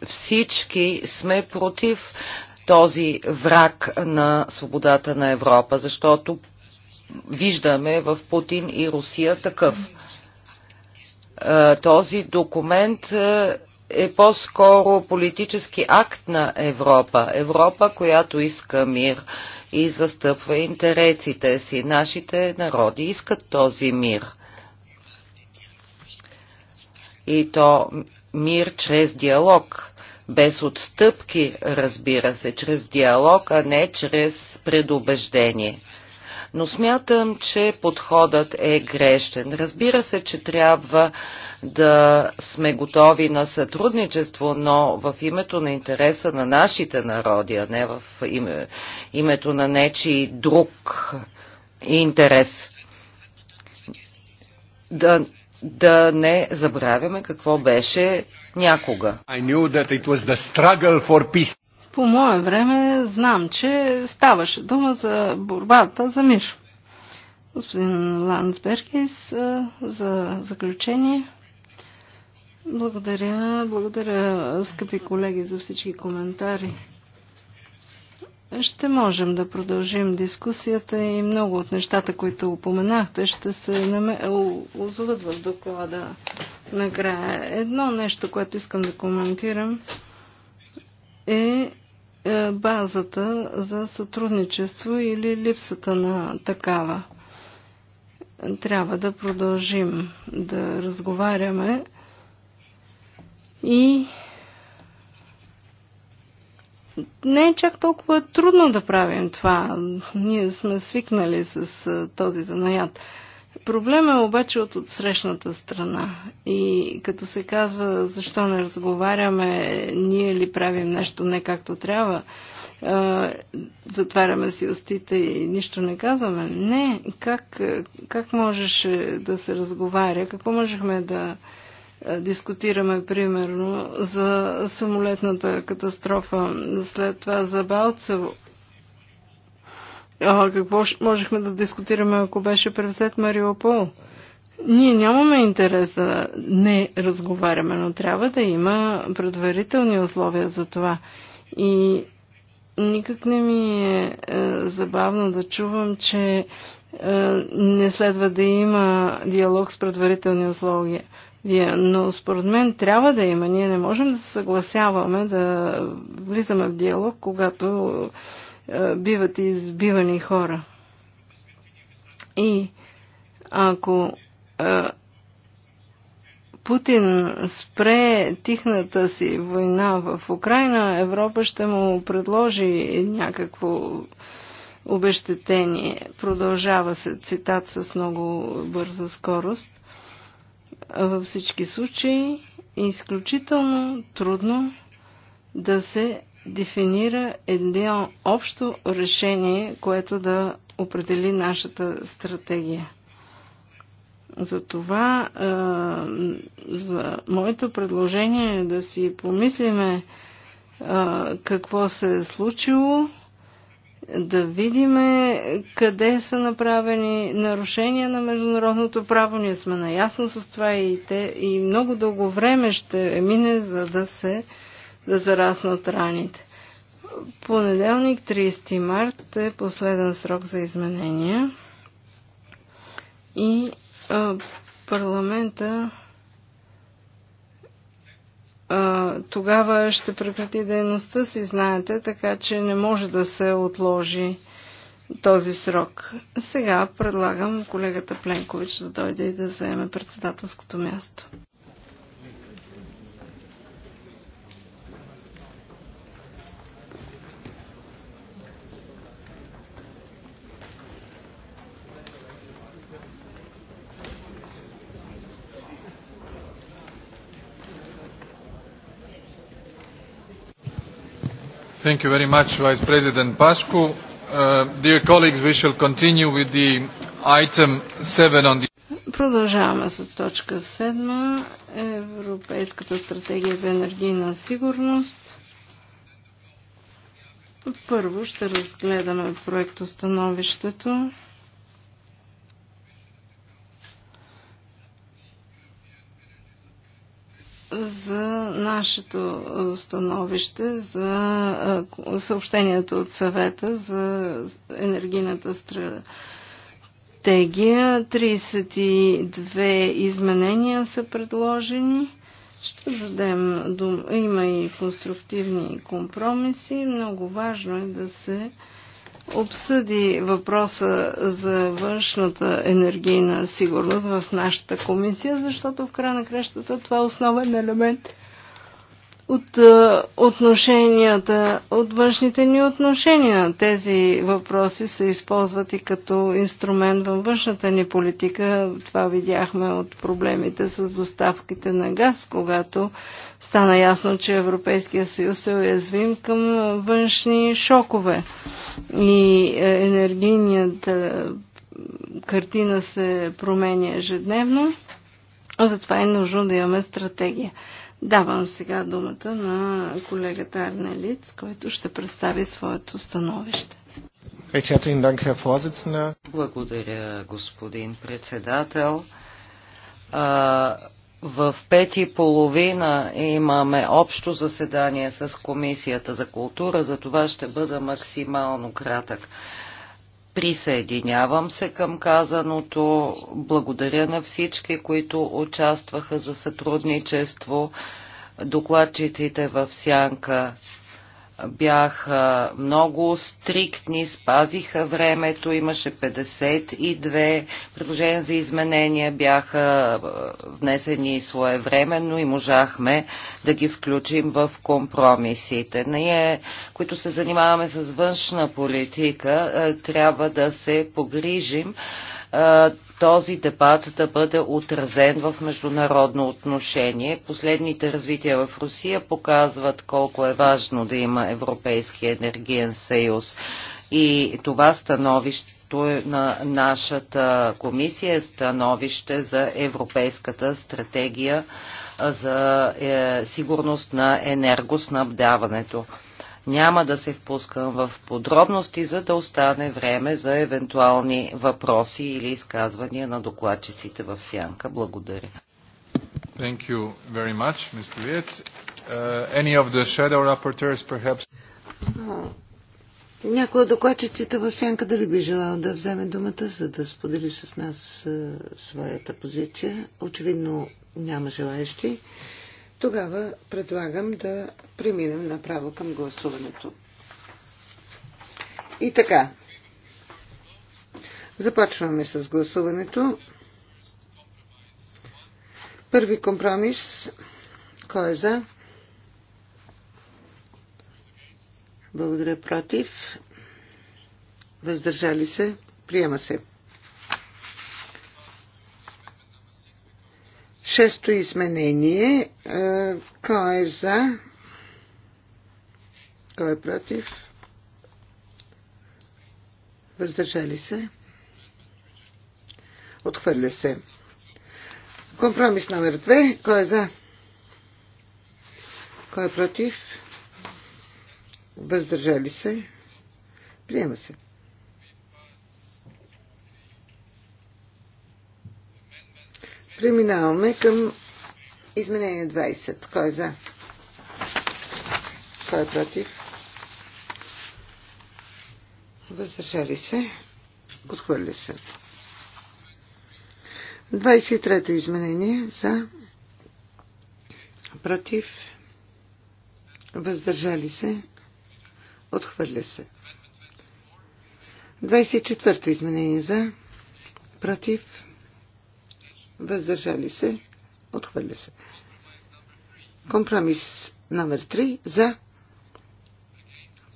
всички сме против този враг на свободата на Европа, защото виждаме в Путин и Русия такъв. Е, този документ е по-скоро политически акт на Европа. Европа, която иска мир и застъпва интересите си. Нашите народи искат този мир. И то мир чрез диалог, без отстъпки, разбира се, чрез диалог, а не чрез предубеждение но смятам, че подходът е грешен. Разбира се, че трябва да сме готови на сътрудничество, но в името на интереса на нашите народи, а не в име, името на нечи друг интерес. Да, да не забравяме какво беше някога. I knew that it was the struggle for peace. По мое време знам, че ставаше дума за борбата за мир. Господин Ландсбергис, за заключение. Благодаря, благодаря, скъпи колеги, за всички коментари. Ще можем да продължим дискусията и много от нещата, които упоменахте, ще се озоват в доклада накрая. Едно нещо, което искам да коментирам е, е базата за сътрудничество или липсата на такава. Трябва да продължим да разговаряме и не е чак толкова трудно да правим това. Ние сме свикнали с е, този занаят. Да Проблема е обаче от отсрещната страна. И като се казва, защо не разговаряме, ние ли правим нещо не както трябва, затваряме си устите и нищо не казваме. Не, как, как можеше да се разговаря, какво можехме да дискутираме, примерно, за самолетната катастрофа, след това за Балцево, а, какво можехме да дискутираме, ако беше превзет Мариопол? Ние нямаме интерес да не разговаряме, но трябва да има предварителни условия за това. И никак не ми е, е забавно да чувам, че е, не следва да има диалог с предварителни условия. Вие, но според мен трябва да има. Ние не можем да се съгласяваме да влизаме в диалог, когато е, биват избивани хора. И ако е, Путин спре тихната си война в Украина, Европа ще му предложи някакво обещетение. Продължава се цитат с много бърза скорост. Във всички случаи е изключително трудно да се дефинира едно общо решение, което да определи нашата стратегия. Затова е, за моето предложение е да си помислиме е, какво се е случило, да видиме, къде са направени нарушения на международното право. Ние сме наясно с това и, те, и много дълго време ще мине, за да се е, да зараснат раните. Понеделник, 30 март е последен срок за изменения и а, парламента а, тогава ще прекрати дейността си, знаете, така че не може да се отложи този срок. Сега предлагам колегата Пленкович да дойде и да заеме председателското място. Thank you very much, Vice President Pascu. Uh, dear colleagues, we shall continue with the item 7 on the... Продължаваме с точка 7. Европейската стратегия за енергийна сигурност. Първо ще разгледаме проектостановището. становището. за нашето становище за съобщението от съвета за енергийната стратегия. 32 изменения са предложени. Ще дадем дума. Има и конструктивни компромиси. Много важно е да се обсъди въпроса за външната енергийна сигурност в нашата комисия, защото в края на кращата това е основен елемент от е, отношенията, от външните ни отношения. Тези въпроси се използват и като инструмент във външната ни политика. Това видяхме от проблемите с доставките на газ, когато стана ясно, че Европейския съюз се уязвим към външни шокове. И е, енергийният е, картина се променя ежедневно, затова е нужно да имаме стратегия. Давам сега думата на колегата Лиц, който ще представи своето становище. Благодаря, господин председател. В пет и половина имаме общо заседание с Комисията за култура, за това ще бъда максимално кратък. Присъединявам се към казаното. Благодаря на всички, които участваха за сътрудничество, докладчиците в Сянка, бяха много стриктни, спазиха времето, имаше 52 предложения за изменения, бяха внесени своевременно и можахме да ги включим в компромисите. Ние, които се занимаваме с външна политика, трябва да се погрижим този дебат да бъде отразен в международно отношение. Последните развития в Русия показват колко е важно да има Европейски енергиен съюз. И това становище е на нашата комисия е становище за Европейската стратегия за е, сигурност на енергоснабдяването. Няма да се впускам в подробности, за да остане време за евентуални въпроси или изказвания на докладчиците в сянка. Благодаря. Thank you very much, Mr. Uh, any of the shadow rapporteurs, perhaps? Uh, Някой от докладчиците в сянка дали би желал да вземе думата, за да сподели с нас uh, своята позиция? Очевидно няма желаещи. Тогава предлагам да преминем направо към гласуването. И така. Започваме с гласуването. Първи компромис. Кой е за? Благодаря против. Въздържали се. Приема се. шесто изменение. Е, кой е за? Кой е против? Въздържали се? Отхвърля се. Компромис номер 2. Кой е за? Кой е против? Въздържали се? Приема се. Преминаваме към изменение 20. Кой е за? Кой е против? Въздържали се. Отхвърля се. 23-то изменение за против въздържали се отхвърля се 24-то изменение за против въздържали се, отхвърля се. Компромис номер 3 за,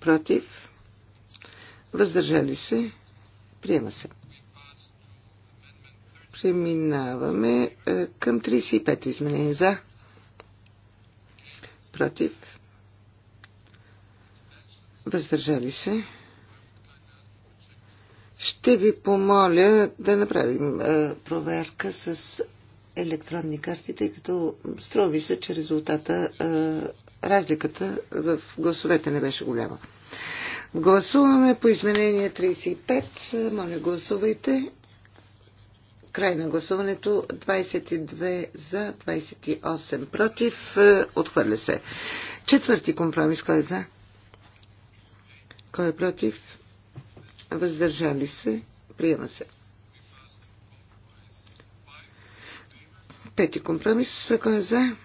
против, въздържали се, приема се. Преминаваме е, към 35-то изменение за, против, въздържали се, ще ви помоля да направим е, проверка с електронни карти, тъй като струва ви се, че резултата, е, разликата в гласовете не беше голяма. Гласуваме по изменение 35. Моля, гласувайте. Край на гласуването 22 за, 28 против. Е, отхвърля се. Четвърти компромис. Кой е за? Кой е против? въздържали се, приема се. Пети компромис, кой е за?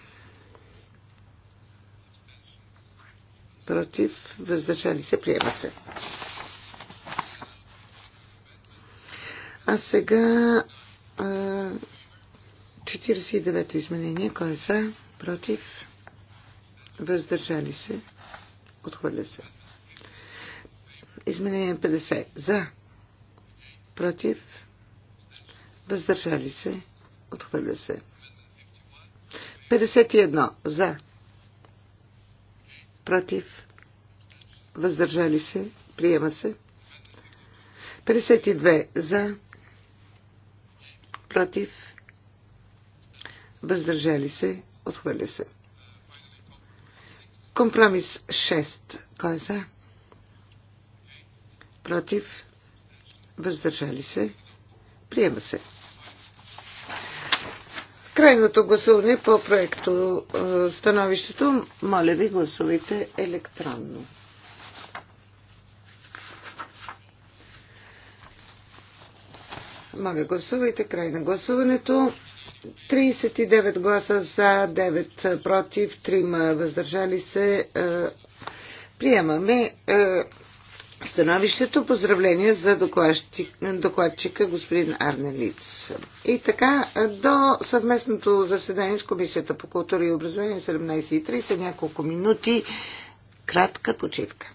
Против, въздържали се, приема се. А сега 49-то изменение, кой е за? Против, въздържали се, отхвърля се. Изменение 50. За. Против. Въздържали се. Отхвърля се. 51. За. Против. Въздържали се. Приема се. 52. За. Против. Въздържали се. Отхвърля се. Компромис 6. Кой е за? против, въздържали се, приема се. Крайното гласуване по проекто е, становището, моля ви гласувайте електронно. Моля, гласувайте. Край на гласуването. 39 гласа за, 9 против, 3 въздържали се. Е, приемаме е, становището. Поздравления за докладчика господин Арне Лиц. И така, до съвместното заседание с Комисията по култура и образование 17.30, няколко минути, кратка почивка.